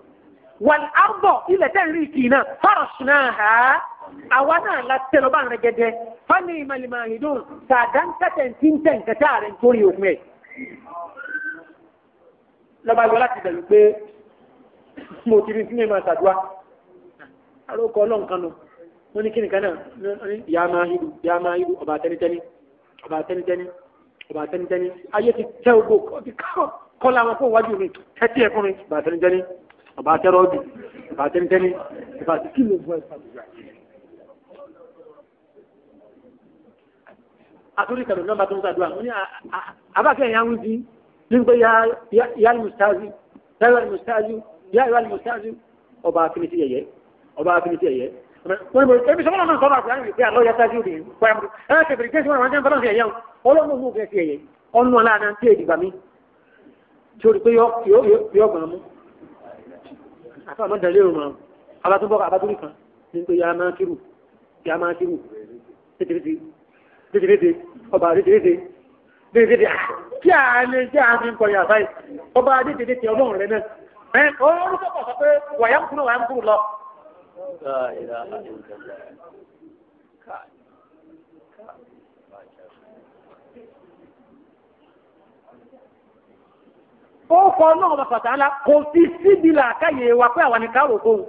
Speaker 1: wà ábọ̀ ilẹ̀ tẹ́ ń rí kì í náà fọ́rọ̀ ṣùnà ha àwa náà la tẹ̀lọ́ bá ń rẹ gẹ́gẹ́ fani ìmàlìmọ̀ àyìndùn tàdá ń tẹ̀tẹ̀ ń tí ń tẹ̀ ń kẹta rẹ̀ ń torí òkun ẹ̀. lọ́ba ìwọ láti bẹ̀rù pé mo ti rí sínú ìmọ̀ àtàdúrà àrókọ ọlọ́nkan nù wọ́n ní kí nìkan náà yàá máa hídù yàá máa hídù ọba tẹ́nitẹ́ni ọba tẹ́nitẹ́ni ọba àtẹnudẹni ayé ti tẹ ogbó ọtí kọlá wọn fún iwájú mi tẹtí ẹ fún mi ọba àtẹnudẹni ọba àtẹrọọdù ọba àtẹnudẹni ọba àtẹkìlò fún ẹsẹ àbúrò. àtúndì kàdó nọ́mbà tó ń sàdúrà wọn ni abákẹ́ yẹn ń di nígbà yá alimusaaju yá alimusaaju yá alimusaaju ọba àfinitì yẹyẹ ọba àfinitì yẹyẹ ebi sọ́kọ́ náà sọ́nà àkùrá ìrìnkè àlọ́ yàtá sí òde pàrọ̀ ẹ̀ kẹfìrì kí ẹ̀sìn wọn jẹ́ bọ́lá sí ẹ̀yẹ́ ọlọ́run mú kẹsì ẹ̀yẹ ọ̀nà aláàdá tí èdè gbà mí tí o rí pé yọ gbọ̀n mú àti àmọ́ dalẹ́ òun àwọn abatúbọ̀ abatúbí kan ní pé yà máa kírù yà máa kírù tètèrèdè ọba tètèrèdè tètèrèdè kí a lè jẹ́ àmì nǹkan yà báyìí ọba tètèrèdè ọlọ́run rẹ̀ náà ọ̀rọ̀
Speaker 2: لا إله إلا الله كعب كعب
Speaker 1: ó kọ náà ọmọ fàtàlá kò sí síbi làákàyè wa pé àwọn nìkan rò fóun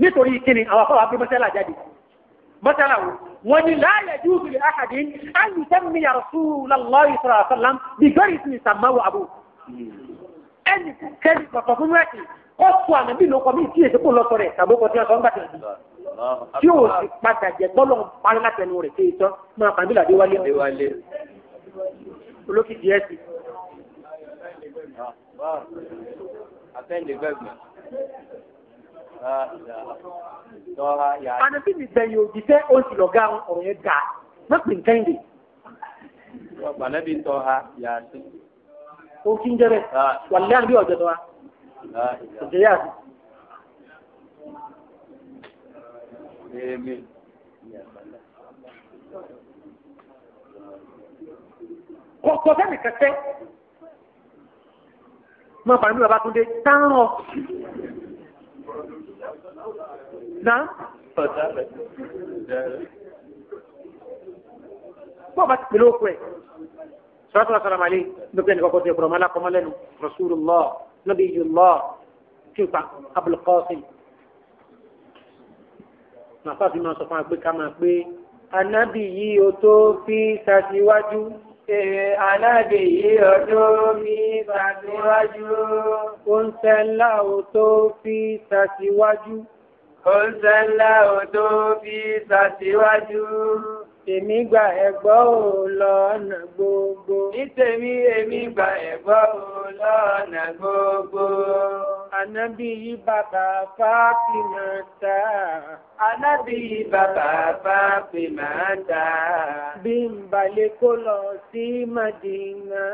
Speaker 1: nítorí kíni àwọn afọwọ́ abúlé mọ́sálà jáde mọ́sálà wo wọ́n ní láàyè júùsù lè áhàdé ayù tẹ́mi yàrá sùúrù lọ́lọ́ ìṣòro àṣàlám bí gbẹ́rì sí ní sàmáwò àbò ẹnì kẹ́rì pọ̀pọ̀ fún mẹ́tì ọ̀pọ̀ ànábì ló kọ́ bí tí èsì kò lọ́sọ̀ rẹ̀ tàbí ọkọ̀ tí wọ́n sọ ń bàtẹ̀
Speaker 2: jù tí ó sì
Speaker 1: padà jẹ́ gbọ́dọ̀ parí láti ẹnu rẹ̀ kéèyàn tán máa kàn bílà déwálé
Speaker 2: olókìkí ẹ̀sì.
Speaker 1: ànábì mi gbẹ̀yìn òjíṣẹ́ oṣù lọ́gá ọ̀rọ̀ yẹn gà má pè ń kẹ́hìndé. ànábì tọ́ ha yàtí.
Speaker 2: ó kí ń jẹ́ bẹ́ẹ̀ ah. wàlẹ́ àbí ọ̀jọ̀ tó wa
Speaker 1: ìjẹyà
Speaker 2: sí. kọ̀ọ̀kọ̀ sẹ́ni kẹsẹ́
Speaker 1: mọ bàánú bàbá túndé táwọn
Speaker 2: náà bọ́ bá ti pèlú
Speaker 1: òkú ẹ̀ sọ́dọ̀ sọ́dọ̀ sọ́dọ̀ màlẹ́ nígbà ẹni kọ́kọ́ tó yẹ kúrọ̀ mọ́lá kọ́mọ́lẹ́nu rasulullah. Nabiyullah kípa Abul Qasim màfá fi máa sọ fún wa pé ká máa pé anábì yìí o tó fi ṣàṣíwájú. Anábì yìí o tó fi ṣàṣíwájú. Ó ń sẹ́lá o tó fi ṣàṣíwájú. Ó Èmi gba ẹ̀gbọ́ o lọ́nà gbogbo. Ní tèmi èmi gba ẹ̀gbọ́ o lọ́nà gbogbo. Ànábì yí bàbá Fátímà ta. Ànábì yí bàbá Fátímà ta. Bí n balẹ̀ kó lọ sí Màdínà.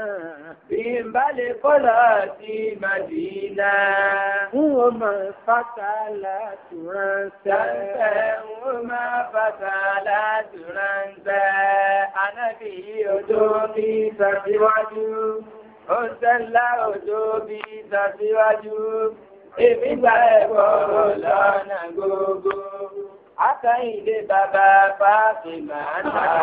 Speaker 1: Bí n balẹ̀ kó lọ sí Màdínà. N ò mọ̀ fàtà látùránṣẹ́. Ṣé n ò mọ̀ fàtà látùránṣẹ́? Ànábì yí o tó bí ó ń tẹ́lá òjò bí ìtàsíwájú èmi gba ẹ̀kọ́ lọ́nà gbogbo. Àtàyìn ilé bàbá Fáfimá náà.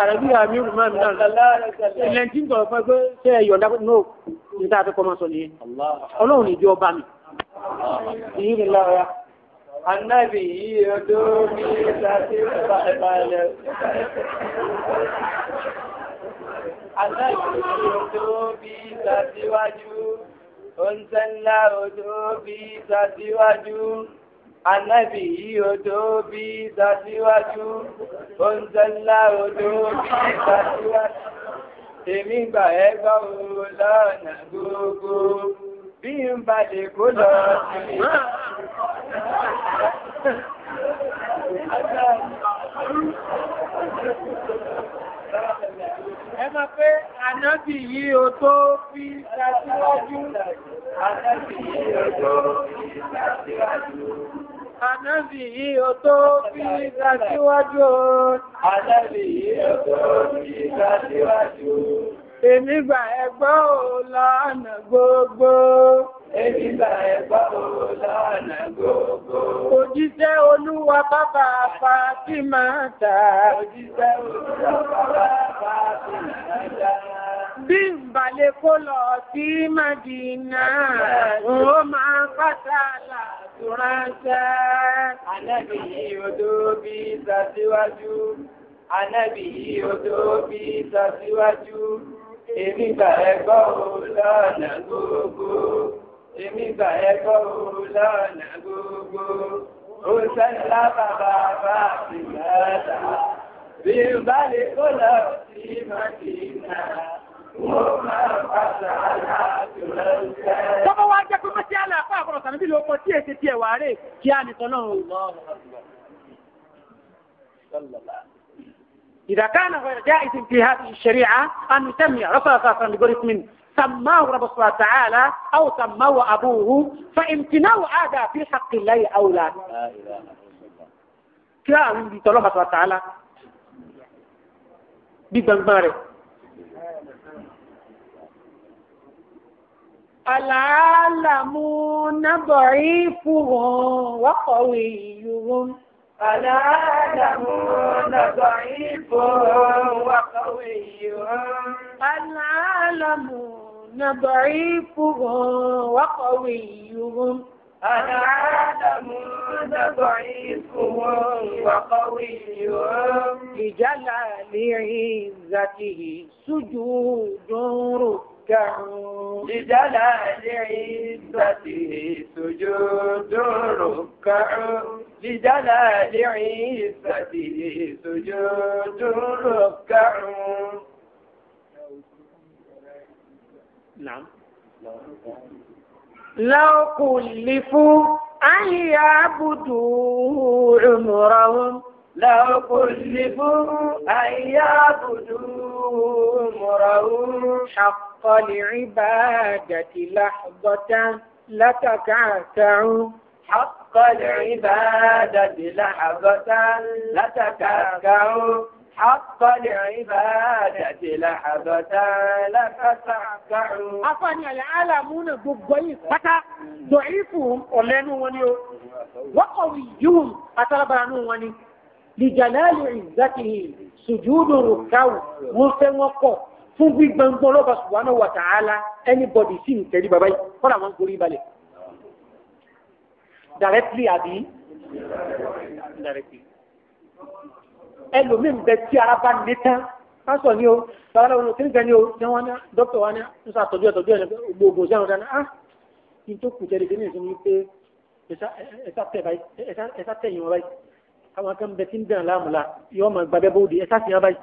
Speaker 1: Àrẹ̀bí àmìrù máa mìíràn ilẹ̀ tí ń tọ̀ fẹ́ pé ṣe ẹ̀yọ̀ dákùn náà ní tàà fẹ́ kọmọ sọ ní ọlọ́run ní ìjọ ọba mi. Ìyí lára, annábì yìí ọdọ́ mi láti ìbálẹ̀.
Speaker 2: Annábì yìí ọdọ́ mi láti
Speaker 1: wájú, ó ń tẹ́lá ọdọ́ mi láti wájú. Anabi yìí odò bí ìdásíwájú, oúnjẹ ńlá odò bí ìdásíwájú. Èmi gbà ẹ́ gbọ́ òun lọ́nà gbogbo, bí n bá lè
Speaker 2: kó lọ sí mi.
Speaker 1: Ẹ máa pé anábì yìí o tó fi ìdásíwájú. Anábì
Speaker 2: yìí o tó fi ìdásíwájú.
Speaker 1: Ànábì yìí o tó bí ìgbà síwájú o. Ànábì yìí o
Speaker 2: tó bí ìgbà síwájú o.
Speaker 1: Èmi gbà ẹgbọ́ o lọ́nà gbogbo. Èmi gbà
Speaker 2: ẹgbọ́ o lọ́nà gbogbo.
Speaker 1: Òjíṣẹ́ Olúwa bàbá Fátímà tà. Òjíṣẹ́
Speaker 2: Olúwa bàbá
Speaker 1: Bí n bà lè kó lọ sí Màdínà, ó máa pàtàlà ránṣẹ́ ànábì yìí ó tó bí sàṣíwájú ànábì yìí ó tó bí sàṣíwájú èmi gbà ẹ gbọ́ òun
Speaker 2: lọ́nà gbogbo
Speaker 1: èmi gbà ẹ gbọ́ òun lọ́nà gbogbo ó sẹ́ńtà bàbá bá
Speaker 2: ti gbà dà bí n bá lè kó lọ sí màkì náà. Tọ́bọ̀ wá jẹ́
Speaker 1: àlà àpá sàmì bílò ọkọ̀ tí èsì tí ẹ̀ wà rè kí á nìtọ́ náà. إذا كان غير جائز في هذه الشريعة أن نسمي رسول الله صلى الله عليه وسلم بقول اسم سماه رب الله تعالى أو سماه أبوه فامتناع هذا في حق الله أولى. kí àrùn ibi tọ́lọ́ bàtà tààlà bí بيت rẹ̀ العالمون ضعيفهم وقويهم العالمون ضعيفهم
Speaker 2: وقويهم
Speaker 1: العالمون ضعيفهم وقويهم
Speaker 2: العالمون ضعيفهم
Speaker 1: وقويهم بجلال عزته سجود ركوع ركعوا لجلال عزته سجود ركعوا لجلال عزته سجود ركعوا نعم لو كلفوا أن يعبدوا عمرهم لو كلفوا أن يعبدوا عمرهم حق حق العبادة لحظة لتكعتع حق العبادة لحظة لتكعتع حق العبادة لحظة لتكعتع أفني العالمون ضبي فتا ضعيفهم أولانو ونيو وقويهم أتربانو ونيو لجلال عزته سجود ركو وفن fún gbígbàngbọ́n lọ́ba subhanahu wa ta'ala anybody sì ń tẹ̀lé bàbá yìí kọ́ra wọn gorí balẹ̀ directly àbí
Speaker 2: Directly. ẹlòmíì ń bẹ tí
Speaker 1: ara bá ní tán pásọ ni o babaláwo ni o kíni kan ni o ní wọn ní dókítà wa ní n sọ àtọ́jú ẹtọ́jú ẹni gbogbo sí àwọn ọ̀dà náà ah kí n tó kù jẹ́rìí kíni ìsinmi pé ẹ̀sà tẹ̀ báyìí ẹ̀sà tẹ̀ yìí wọn báyìí àwọn akẹ́mbẹ̀ tí ń dẹ̀ láàmúlá yọ ọmọ gbàgbẹ́ bóde ẹ̀sà tẹ̀ yẹn báyìí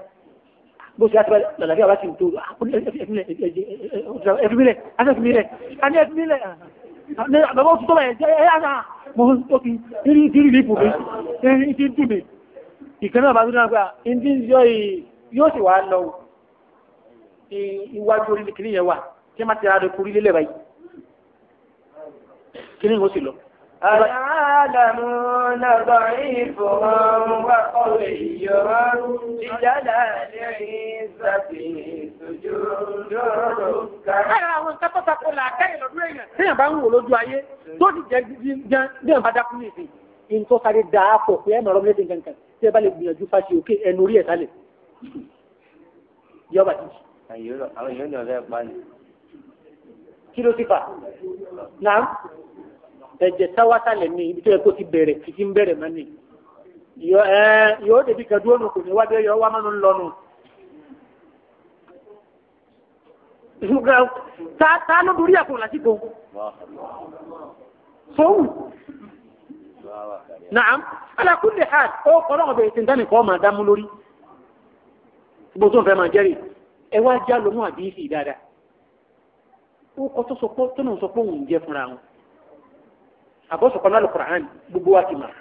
Speaker 1: bó ṣe àtúbà làlàfíà wá sí ìtò ẹ̀fìmílẹ̀ ẹ̀fìmílẹ̀ àti ẹ̀fìmílẹ̀ bàbá ó tútọ́ báyẹ̀ jẹ́ ẹ̀yà náà mo ń tó kí ní ìtìrí lípù mi ní ti dùn mi ìkan náà bá tún náà gbà ní yọ yóò sì wá lọ iwájú orí kìnìyàn wà tí a máa ti ra rẹ̀ العالمون ضعيفهم وقويهم بجلال عزته سجود ربك Ara àwọn ń wò lójú ayé tó ti jẹ jíján bí dákú ní ìsìn. Nǹkan kárí dáa pọ̀ pé ẹ̀ máa rọ́mílẹ́sì kankan tí ẹ bá lè gbìyànjú fáṣe òkè ẹnu orí ẹ̀ sálẹ̀. Yọba ti. Kí ló ti fà? Nàá ẹ̀jẹ̀ táwátàlẹ̀ ní ibi tó yẹ kó ti bẹ̀rẹ̀ títí ń bẹ̀rẹ̀ mọ́ni yóò débi kẹ́dúró nù kò ní wájú ẹ̀yọ́ wá mọ́nu lọ́nu. ta ló dorí àpò lásìkò sóhù naam alakulli hal ó kọ́ lọ́wọ́ bẹ̀rẹ̀ tí ń dámú lórí bó tó ń fẹ́ máa jẹ́rì ẹ wá já lóhun àdìsí dáadáa ó kọ́ tó náà sọ pé òun jẹ́ fúnra wọn àbọ̀sọ̀ kan lọ́lọ́ Qur'an gbogbo wa ti mọ̀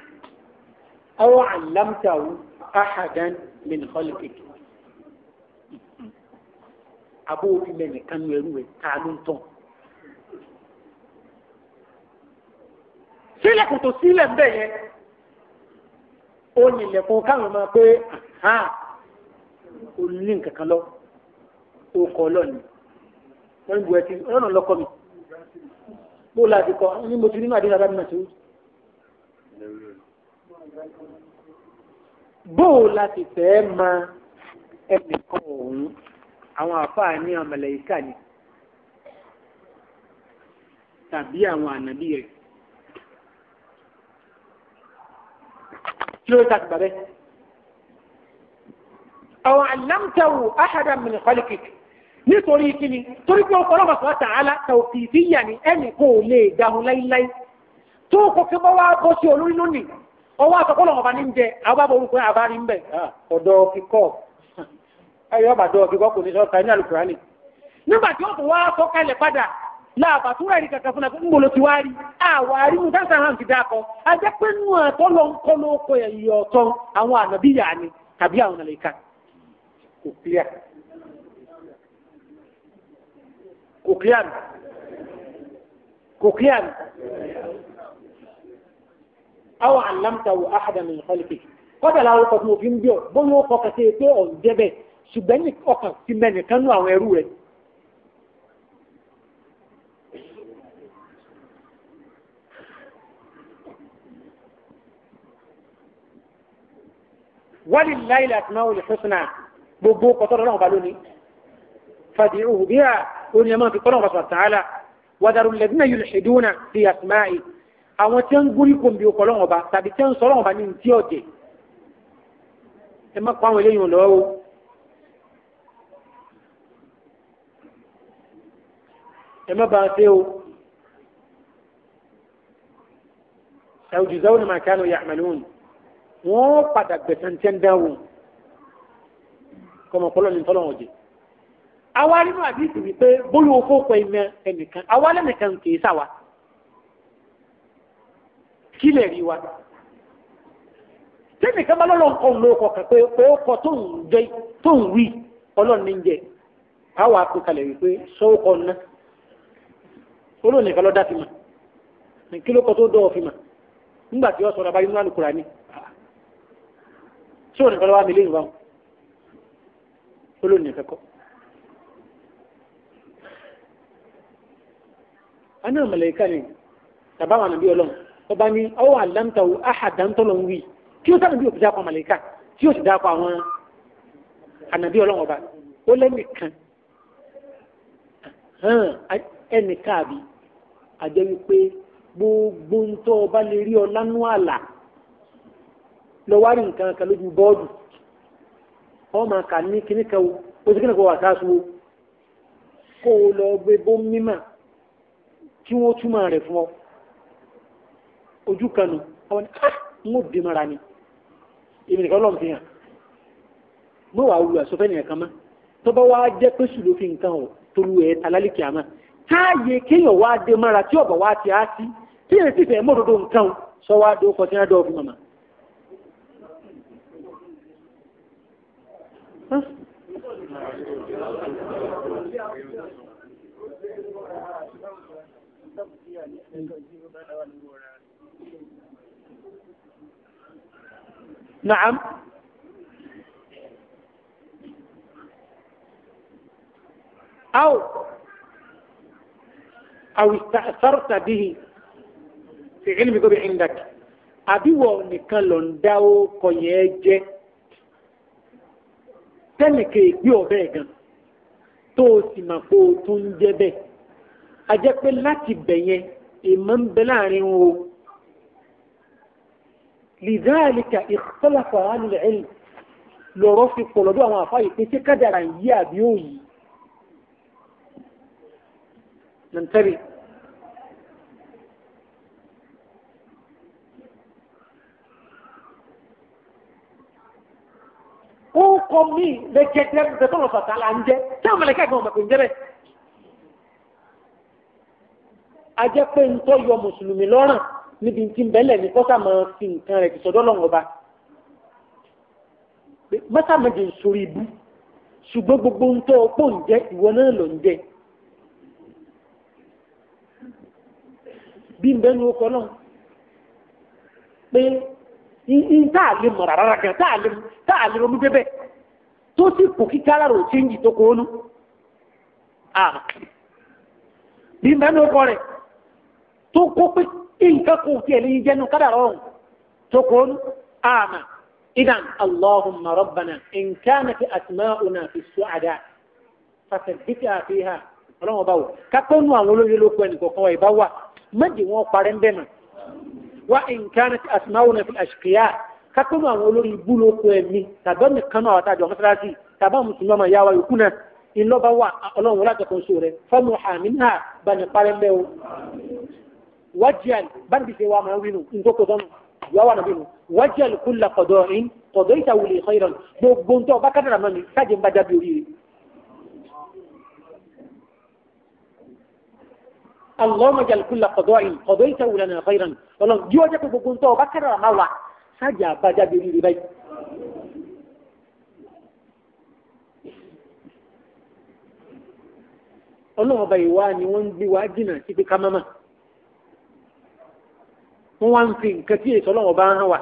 Speaker 1: aw allamtahu ahadan min khalqik àbó òfin mẹ́rin kanu ẹrú ẹ̀ ta ló ń tán. sílẹ̀kùn tó sílẹ̀ bẹ́ẹ̀ yẹn ó nílẹ̀kùn káwọn máa pé olùlé nǹkan kan lọ ó kọ ọlọ́ọ̀ni wọ́n ń bu ẹtí ọlọ́ọ̀nà lọ́kọ́ mi bó láti kọ́ ní mo ti nínú àdínà lábí náà tó bó láti fẹ́ ma ẹnìkan òun àwọn àfáà ní ọmọlẹ̀ ìkà ni tàbí àwọn ànàbí rẹ̀ kí ló tàbí àwọn àlámtàwò áhàdà mìíràn kọ́lìkìkì nítorí kíni torí pé ọlọ́mọ sọ̀rọ̀ tààlà ala ni ẹnì kò lè dáhùn láíláí tó kò fi bọ́ wá bọ́ sí olórí lónìí ọwọ́ àtọ́kọ́lọ̀ ọba ní jẹ àbábọ̀ orúkọ àbárí ń bẹ̀ ọ̀dọ̀ kíkọ́ kíkọ́ kò ní sọ́ka ní àlùkùránì nígbà tí wọ́n tún wá sọ kalẹ̀ padà láàbà tó rẹ̀ kankan fún un gbòòlò ti wá rí àwọn arímú hàn ti dákọ kò kí àmì kò kí àmì aw allamtahu ahadan min khalqik kọ́dà láwọn ọkọ̀ tí mo fi ń bí ọ bóyá ó kọkàn sí pé ọ̀ ń jẹ́bẹ̀ ṣùgbọ́n ní ọkàn ti mẹ́ni kánú àwọn ẹrú rẹ̀. walillahi al-asmaul husna gbogbo kọ́tọ́ lọ́wọ́ balóni fad'uhu biha òun ni ẹ máa fi kọ́nà ọ̀pọ̀ tààlà wàdàrú lẹ́dínà yìí ṣèdúnà fi àtìmáì àwọn tí ń gúrí kò ń bi ọkọ̀ lọ́wọ́ ọba tàbí tí ń sọ lọ́wọ́ ọba ní ti ọ̀jẹ̀ ẹ má kọ́ àwọn eléyìí lọ́wọ́ ẹ má bá ṣe o ẹ̀wùjùzáwò ni màá kánú yà àmàlùún wọ́n padà gbẹ̀sán tí ń dáwò kọ́mọ̀kọ́lọ́ ni tọ́lọ́wọ́ jẹ́ àwa nínú àdìsí wípé bóyá oko kọ ẹmẹ ẹnìkan àwa lẹ́nìkan kìí sàwa kí lè rí wa tẹ́nìkan bá lọ́lọ́ nǹkan ló kọ̀ kàn pé ó kọ tó ń jẹ tó ń wí ọlọ́run ń jẹ àwa kó wípé sọ́wọ́ kọ́ olóòní kan lọ́dá fi mà kí ló kọ tó dọ́ fi mà nígbà tí ó sọ̀rọ̀ abáyé nínú àlùkùrà ni sọ́wọ́ nìkan lọ́wọ́ wa aná màláíkà ni tàbá wà nàbí ọlọ́run ọba ní ọwọ́ àlámtàwò áhàdántọ́lọ́ ń wí kí ó sábà bí òkúta pa màláíkà tí ó sì dáa pa àwọn ànàbí ọlọ́run ọba ó lẹ́nìkan ẹnìkan àbí àjẹ́ wípé gbogbo ń tọ́ ọba lè rí ọ lánú àlà lọ́wọ́ rí nǹkan kan lójú bọ́ọ̀dù wọ́n máa kà ní kíníkan o ó ti kíníkan wà sáà sùn o kó o lọ gbé bó mímà kí wọ́n túmọ̀ rẹ̀ fún ọ ojú kanu ọ ni ah n ó bí mara ni èmi nìkan lọ́n fi hàn mo wà wù àsọfẹ́ nìyẹn kan mọ́ tó bá wá jẹ́ pé sùn ló fi nǹkan ọ̀ tó lu ẹ̀ alálìkì àmọ́ táàyè kéèyàn wá dé mara tí ọ̀bà wá ti á sí tí èyí sì fẹ́ mọ́ nǹkan sọ wá dó kọtí náà dọ́ọ̀fù màmá.
Speaker 2: Huh? Nàám.
Speaker 1: أو أو استأثرت به في علمك عندك àbí wọ nìkan lọ ń dá ó kọ yẹn jẹ tẹnìkè gbé ọbẹ gan tó o sì mà kó o tún jẹ bẹ́ẹ̀ ajẹ́ pé láti bẹ̀yẹn èèmọ̀ ń bẹ láàrin wọn o lidhalika ikhtalafa ahlul ilm lọ́rọ́ fi pọ̀ lọ́dọ̀ àwọn àfáà yìí pé ṣé kádàrà ń yí àbí ó yí. nàntẹ́rì ó kọ́ mí lẹ́jẹ̀dẹ́ bẹ́tọ̀lọ́fà tààlà ń jẹ́ tí àwọn mẹlẹ́kẹ́ gbọ́n mọ̀ pé ń jẹ́ bẹ́ẹ̀ ajẹ́ pé ń tọ́ yọ mùsùlùmí lọ́rùn níbi tí ń bẹ́lẹ̀ ní kọ́sà máa fi nǹkan rẹ̀ tìsọ́dọ́ lọ́wọ́ ba mọ́sàmẹ́jì ń sori ibú ṣùgbọ́n gbogbo ń tọ́ ọpọ́ ń jẹ́ ìwọ náà lọ ń jẹ́ bí ń bẹ́nu ọkọ̀ náà pé ń tá lè mọ̀ rárá gan tá a lè ronú débẹ̀ tó sì kù kí kálárò tí ń yìí tó kó nú bí ń bẹ́nu ọkọ̀ rẹ̀ tó kó pé nǹkan kò tiẹ̀ lè jẹnu kádàrá ọ̀hún tó kó ní àmà idan allahumma rabbana in kanat asma'una fi su'ada fasabbita fiha ọlọ́wọ́n bá wọ̀ kápẹ́ nu àwọn olóyè ló kọ ẹnìkọ̀ọ̀kan wa ìbá wà méjì wọn parẹ́ ń bẹ̀ mọ́ wa in kanat asma'una fi ashqiya kápẹ́ nu àwọn olóyè ibú ló kọ ẹ̀mí tàbí ọ̀nì kan náà wà tá tàbí àwọn mùsùlùmí ọmọ ìyá wa ìlọ́ba wà ọlọ́run wọlé àtọ̀kọ̀ oṣù fọ́ọ̀mù àmì bá ní parẹ́ ń bẹ́ o wajjal ban bi se wa ma winu in to ko don yo wa na binu wajjal kull qada'in qadaita li khairan gbogbo nto ba kadara mami saje mba dabi ori اللهم اجعل كل قضاء قضيته لنا خيرا والله جو جاك بكون تو بكر ما وا سجا بجا بيري باي الله باي واني وان بي واجنا سي كماما wọ́n wá ń fi nǹkan tí èso ọlọ́run bá ń hàn wá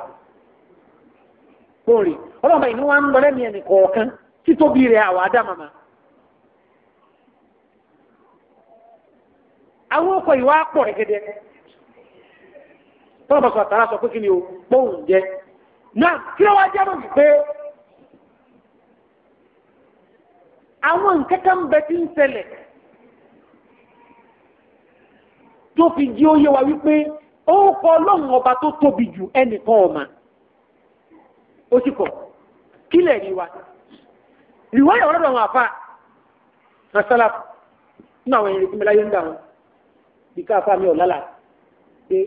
Speaker 1: kórè ọlọ́run bá inú wa ń lọ lẹ́mìí ẹnì kọ̀ọ̀kan títóbi rẹ̀ àwọn adámàmá. àwọn ọkọ̀ ìwà pọ̀ rẹ̀gẹ̀dẹ̀ bàtà àtàrà sọ pé kí ni o pọ́ùn jẹ náà kí ló wá jẹ́ bọ̀ wípé àwọn nǹkan kan bẹ tí ń ṣẹlẹ̀ tó fi ó yé wa ó kọ ọlọ́run ọba tó tóbi jù ẹnìkan ọ̀ma ó sì kọ̀ kílẹ̀ rí wa ìwà ìwà ọ̀rọ̀ àwọn àfa àṣàlà nínú àwọn ìrètí mi láyé ń dà wọn bí ká àfa mi ọ̀ lálà pé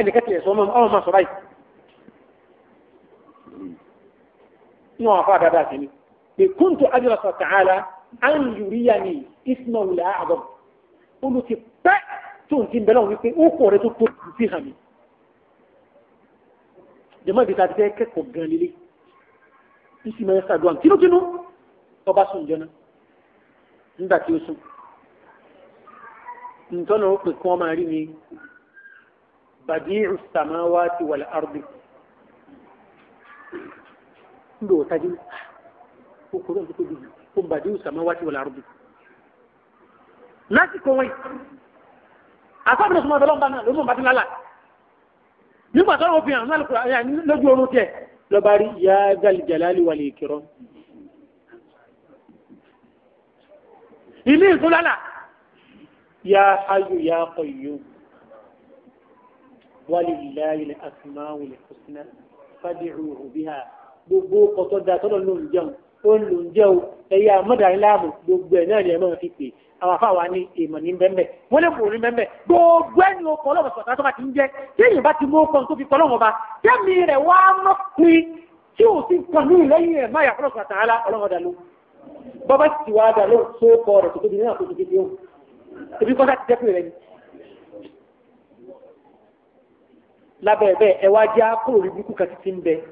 Speaker 1: ẹnìkan tiẹ̀ sọ ọmọ máa sọ báyìí nínú àwọn àfa dáadáa sí ni pé kúntù adúlọ̀sọ̀ tààlà á ń yùrí yá ni ismaul àádọ́ olùkí tó ń ti bẹ́lẹ̀ wọn wípé ó kọ̀ rẹ tó tó sí hàn mí. jẹ́mọ́ ibi ta ti fẹ́ kẹ́kọ̀ọ́ gan lélẹ̀ ìsì máa ń ṣàdúrà kínúkínú ọba sùn jẹun nígbà tí ó sùn. ntọ́nà ó pè kí wọ́n rí mi badi'u samawati wal ardi ndo tajin ko ko ko ko badi'u samawati wal ardi lati ko wai àtàbílẹ̀ súnmọ́ ọ̀dọ́ lọ́nà ló mọ̀ bá ti lálà nígbà tó wọn fi hàn náà lókùrọ̀ àyà lójú oorun tiẹ̀ lọ́ba rí ya galijalali wà lè kírọ́. ilé ìtún lálà ya hayu ya qayyum wà lè láyé kùsùnà fàdíhù biha gbogbo kọ̀tọ́ da tọ́lọ́ lóun jẹun ó ń lò ń jẹ́ o ẹ̀yà mọ́dàrí láàmù gbogbo ẹ̀ náà ni ẹ̀ máa fi pè àwọn afáwa ní èèmọ̀ ní bẹ́ẹ̀ wọ́n lè kúrò ní bẹ́ẹ̀ gbogbo ẹni okọ̀ ọlọ́mọ sọ̀tà tó bá ti ń jẹ́ tí èyí bá ti mú okọ̀ tó fi kọ́ lọ́wọ́ bá tẹ́mi rẹ̀ wá mọ́ pin tí ò sí nǹkan ní ìlẹ́yìn ẹ̀ máa yàtọ̀ sọ̀tà ala ọlọ́mọ dàlú bọ́bá sì wá dàlú tó kọ rẹ̀ tó tóbi nínú àkóso kékeré ti ni. lábẹ́ bẹ́ẹ̀ ẹ wá já kúrò rí bíkú ń bẹ́ẹ̀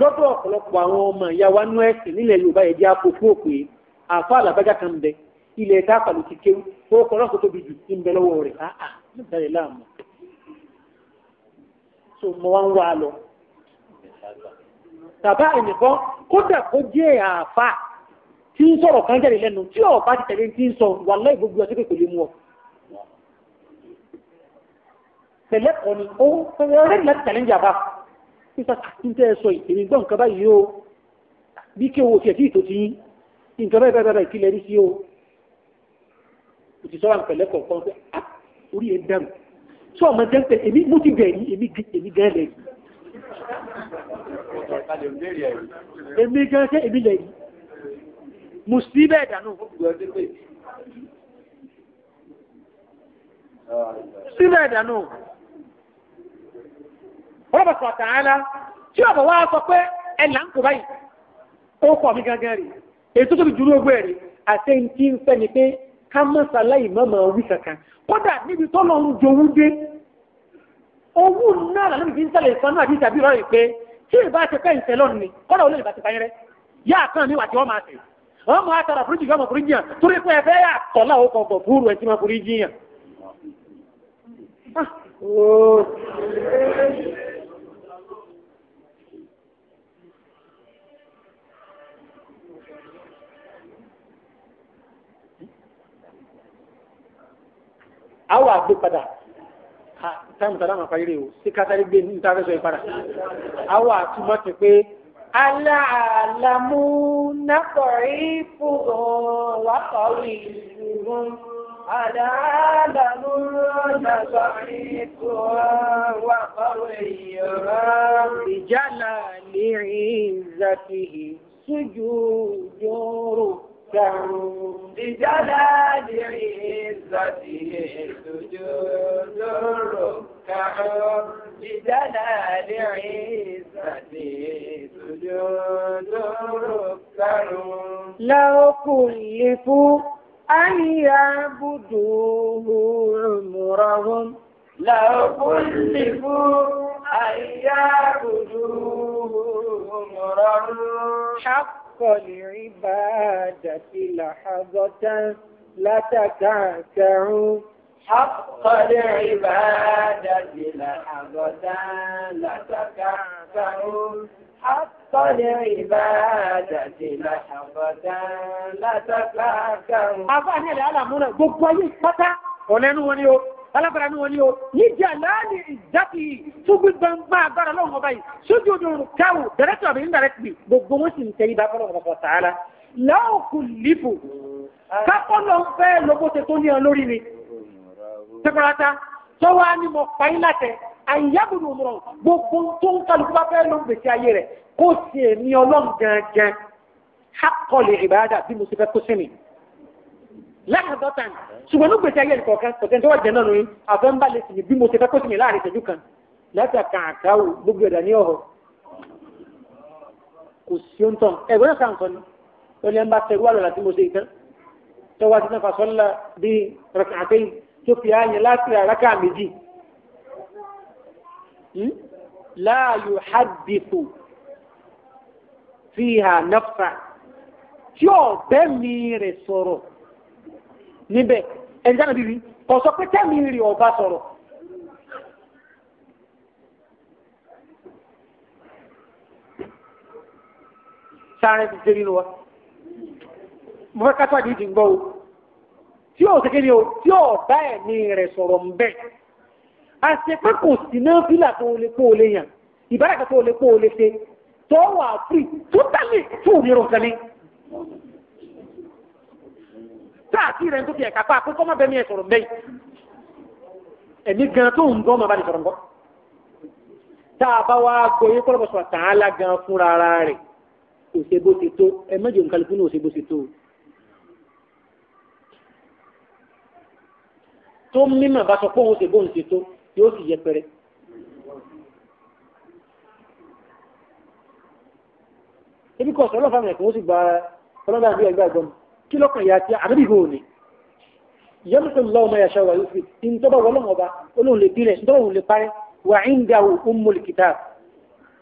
Speaker 1: lọ́dọ̀ ọ̀pọ̀lọpọ̀ àwọn ọmọ ìyá wa nú ẹ̀sìn nílẹ̀ yorùbá yẹn jẹ́ àpòfó òpè àfa àlàbájá kan bẹ ilẹ̀ ẹ̀ka àpàlù ti kéwú ó kọ́ náà kó tóbi jù ń bẹ lọ́wọ́ rẹ̀ áà nígbàdé láàmú so mo wá ń wá a lọ. tàbá ẹnìkan kódà kó jẹ́ àfa tí ń sọ̀rọ̀ kan jáde lẹ́nu tí ọ̀pá ti tẹ̀lé ti ń sọ wàhálà ìgbógun ọtí kò lè mú ọ. pẹ̀lẹ́kọ̀ọ́ ni ó pípa níta ẹ sọ ìpèrè gbọ́ nǹkan báyìí o bí kí owó tiẹ̀ tí ì tó ti yín nǹkan báyìí báyìí báyìí kílẹ̀ rí sí o òtítọ́ wa pẹ̀lẹ́ kọ̀ọ̀kan pé a ah, orí ẹ̀ dànù tí ọmọ jẹ́ pé èmi mo ti bẹ̀rẹ̀ èmi gan lẹ̀
Speaker 2: yìí èmi gan jẹ́ èmi lẹ̀ yìí mo sí bẹ́ẹ̀ dànù
Speaker 1: síbẹ̀ dànù ọlọ́pàá sọ̀rọ̀ tààlà tí ọ̀bọ̀ wá sọ pé ẹ là ń kó báyìí ó kọ̀ mí gángan rè èyí tó tóbi dúró gbé rè àti ẹni tí ń fẹ́ ni pé ká má ṣàlàyé mọ́mọ́ wí kankan kódà níbi tó lọ ń jowú dé owó náà làlẹ́ mi fi ń sẹ́lẹ̀ ìsanú àti ìtàbí rọ̀ pé tí ìbá ti fẹ́ ìṣẹ́ lọ́nù ni kódà ó lè bá ti fẹ́ rẹ́ yá kan mi wà tí wọ́n máa tẹ̀ wọ́n máa tara fúrújì fún ọmọ yàn torí pé ẹ fẹ́ yà tọ́lá ó kọ̀ bọ̀ fúrú ẹ̀ tí àwọn àgbé padà táìmù tàdá màá parí o sí kátàrí gbé ní ìta fẹsọ̀ ìpadà àwọn àtúmọ̀ ti pé aláàlámú nàkọ̀rí fúrò wákọ̀rí ìṣòro aláàlámú nàkọ̀rí fúrò wákọ̀rí ìṣòro ìjálà lè rìn zàkìhì sójú yóò بجلال عزته سجود ركع بجلال عزته سجود ركع لو كلفوا أن يعبدوه عمرهم لو كلفوا أن يعبدوه عمرهم حق حق العبادة لحظة لا تكعكع حق العبادة لحظة لا تكعكع حق العبادة لحظة لا تكعكع. أفعل هذا الأمر بقوة فتح ولن وليو alágbára ni wọ́n ní o níjà láàánú ìjákì túbú gbangba agbára lọ́wọ́ ọba yìí sójú ojú oorun káwù dẹrẹ́tì ọ̀bẹ ní dàrẹ́tì bì gbogbo wọn sì ń tẹ́ ibà fọlọ́ ọ̀pọ̀ tààlà láwọn kò lífò kápọ́nà ń fẹ́ lọ́gbọ́sẹ̀ tó ní ọ lórí mi tẹ́kọ̀rọ̀ta tó wá ní mo pa yín látẹ̀ àyàbùdù òmùrọ̀ gbogbo tó ń kálukú bá fẹ́ ló ń gbèsè ayé rẹ̀ kó sì èmi ọlọ́run láàdọ́tàn ṣùgbọ́n nígbèsè ayé ìkọ̀ọ̀kan kò tẹ́ntọ́ wà jẹ́ náà lóyún àfẹ́ ń bá lè sìn bí mo ṣe fẹ́ kó sì mí láàrin ìṣẹ́jú kan látàkà àkáwò gbogbo ẹ̀dà ní ọ̀họ̀ kò sí ó ń tàn ẹ̀gbọ́n náà sàǹtọ́ ni ó ní ń bá tẹ̀rù àlọ́lá tí mo ṣe ìtàn tó wá sí náà sọ́lá bí rẹ̀kàtẹ́yìn tó fi ààyè láti àràkà méjì láàyò hádìfò fíhà náfà tí ọ̀bẹ́ mi rẹ̀ sọ̀rọ̀ níbẹ̀ ẹ̀ńtí àná bíbí kò sọ pé tẹ́mi rè ọba sọ̀rọ̀. sáré ti dé nínú wa mo fẹ́ kátó àdéhìí ń gbọ́ o tí yóò ṣe kéde o tí yóò bá ẹ̀mí rẹ̀ sọ̀rọ̀ ń bẹ̀ àṣẹ pé kò sí náà fílà tó lè kó o lè yàn ìbára kan tó lè kó o lè ṣe tó wà fún tó tó rí rọ̀ sẹ́ni táàtì rẹ̀ tó fi ẹ̀ka pa pé kọ́mọ bẹ́mi ẹ̀ sọ̀rọ̀ bẹ́yì ẹ̀mí gan tó ń dán ọmọ bá ní sọ̀rọ̀ ń bọ́ tá a bá wá gbọ́ yé kọ́lọ́bọ̀ sọ̀rọ̀ tàn án la gan fúnra ara rẹ̀ kò ṣe bó ṣe tó ẹ mẹ́jọ nǹkan lùkú ní ò ṣe bó ṣe tó tó mímọ̀ bá sọ pé òun ṣe bó ń ṣe tó yóò sì yẹpẹrẹ. ebi kọ̀ sọ́lọ́ fáwọn ẹ̀kọ́ ó sì gba ọlọ́dà bí ẹgbẹ́ kí lọ́kàn yà tí àdébì hò ní yẹmùsùn lọ́wọ́ máa yàṣà wà yóò fi ìntọ́bà wọlọ́n ọba olóhùn lè bílẹ̀ ìntọ́bà òun lè parẹ́ wà ń ga ummul kitab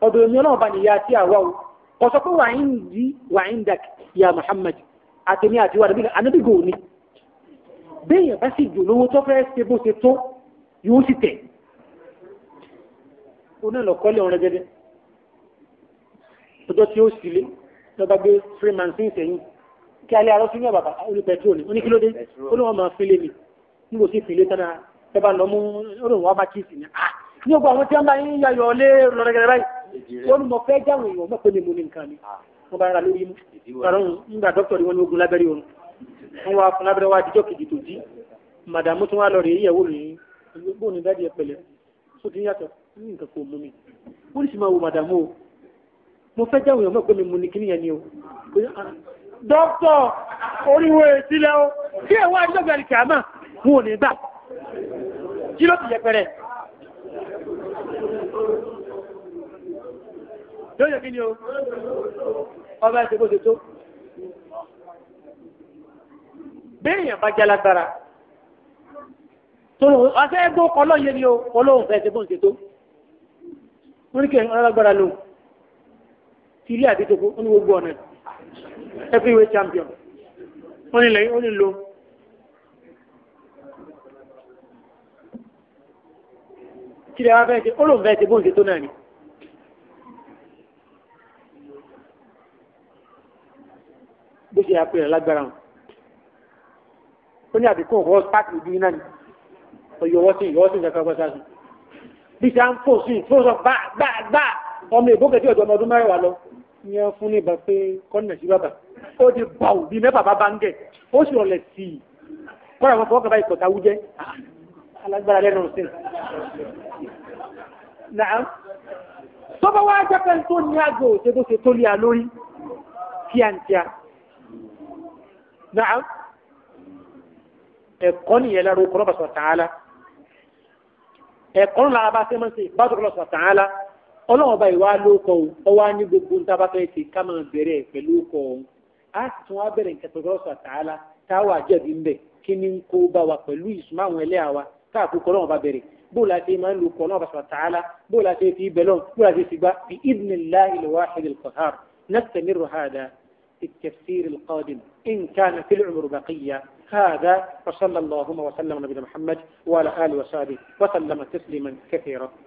Speaker 1: ọ̀dọ̀ èmi ọlọ́run bá ní yà tí àwa o ọ̀sọ̀ pé wà ń di wà ń dà yà Muhammad àtẹ̀mí àti wà àdébì hò ní bẹ́ẹ̀ bá sì jò lówó tó fẹ́ ṣe bó ṣe tó yóò sì tẹ̀ oní ọ̀lọ́kọ́lẹ̀ ọ̀rẹ́ gẹ́gẹ́ ọjọ́ tí ó sì lé lọ́ba gbé freeman sí ìsẹ̀yìn kí alẹ́ arọ́ sí ní ọ̀bàbà olú pẹ̀trólì ó ní kí ló dé ó ní wọ́n máa fi lé mi níbo sí ìfìlé tánà ẹbá lọ ọdún wọn bá kí sí ni ah! ní ọgbà àwọn tí wọ́n bá ń yayọ̀ lé lọ́rẹ́gẹ́rẹ́
Speaker 2: báyìí wọ́n
Speaker 1: mọ̀ fẹ́ jáwọn èèyàn mọ̀ pé mi mú ní nǹkan mi ah! wọ́n bá ń ra lórí mú kàrọ̀ nígbà dókítà wọn ní ogun lábẹ́rẹ́ òun wọ́n wá fún lábẹ́rẹ́ wá díjọ́ kejì tó jí màdàmú tún wá lọ rèé yẹ̀wò rèé dókítọ̀ oríwé sílẹ̀ ó kí ẹ̀wọ́ àdídọ́gbẹ̀ alìkàmà wọn ò ní gbà
Speaker 2: kí ló ti yẹpẹrẹ yóò yẹ kí ni o ọba ẹ̀sẹ̀ bó ṣe tó
Speaker 1: béèyàn bá jálágbára tó lóun ọ̀sẹ̀ ẹgbẹ́ ọlọ́run yẹ ni o ọlọ́run fẹ́ ṣe bó ṣe tó wọ́n ní kí ẹ̀yìn ọlọ́gbára ti ilé àdídọ́gbọ́ ó ní gbogbo ọ̀nà heavyweight champion wọ́n nílẹ̀ ó nílò kí lè wá fẹ́ ṣe ó lòun fẹ́ ṣe bóun ṣe tó náà ni bó ṣe àpè rẹ̀ lágbára wọn ó ní àbíkún ọ̀wọ́ pàtì ìbí náà ni ọ̀yọ̀ ọwọ́ sí ìyọ́wọ́ sí ìjọba ọgbọ́n sáà sí bí ṣe à ń fò sí ìfowósọ gbà gbà gbà ọmọ ìbókè tí ọjọ́ ọmọ ọdún mẹ́rẹ̀wá lọ ní ẹ fún ní ìbá pé kọ́nà sí bàbà ó ti bà ò bí mẹ́fà bàbá ń gẹ̀ ó sì rọlẹ̀ sí i kọ́nà àwọn fọwọ́ kaba ìkọ̀tà wújẹ́ alágbára lẹ́nu sí Nàá tọ́ba wá jẹ́ tó ní àgọ́ òṣè tó ṣe tó lé a lórí kíákíá. Nàá ẹ̀kọ́ nìyẹn lára okùn lọ́bàṣọ̀ tààlà ẹ̀kọ́ ńlá abá sẹ́mọ́sẹ̀ bá tó lọ́sọ̀ tààlà. ọlọ́run báyìí wá lóko ọwọ́ á ní gbogbo níta bá fẹ́ ṣe ká máa bẹ̀rẹ̀ pẹ̀lú ọkọ̀ ọ̀hún á sì tún wá bẹ̀rẹ̀ nǹkan pẹ̀lú ọ̀sán tààlà táwa jẹ̀bi ń bẹ̀ kí ni ń kó bá wa loko o wa ni gbogbo n ba fe ti àwọn ẹlẹ́yà wa káàkó wa jebi n be ọlọ́run bá bẹ̀rẹ̀ bó la máa ń lo kọ́ ọlọ́run bá tààlà bó la fi bẹ̀lọ́ bó هذا وصلى اللهم وسلم على نبينا محمد وعلى
Speaker 2: آله وصحبه وسلم تسليما كثيرا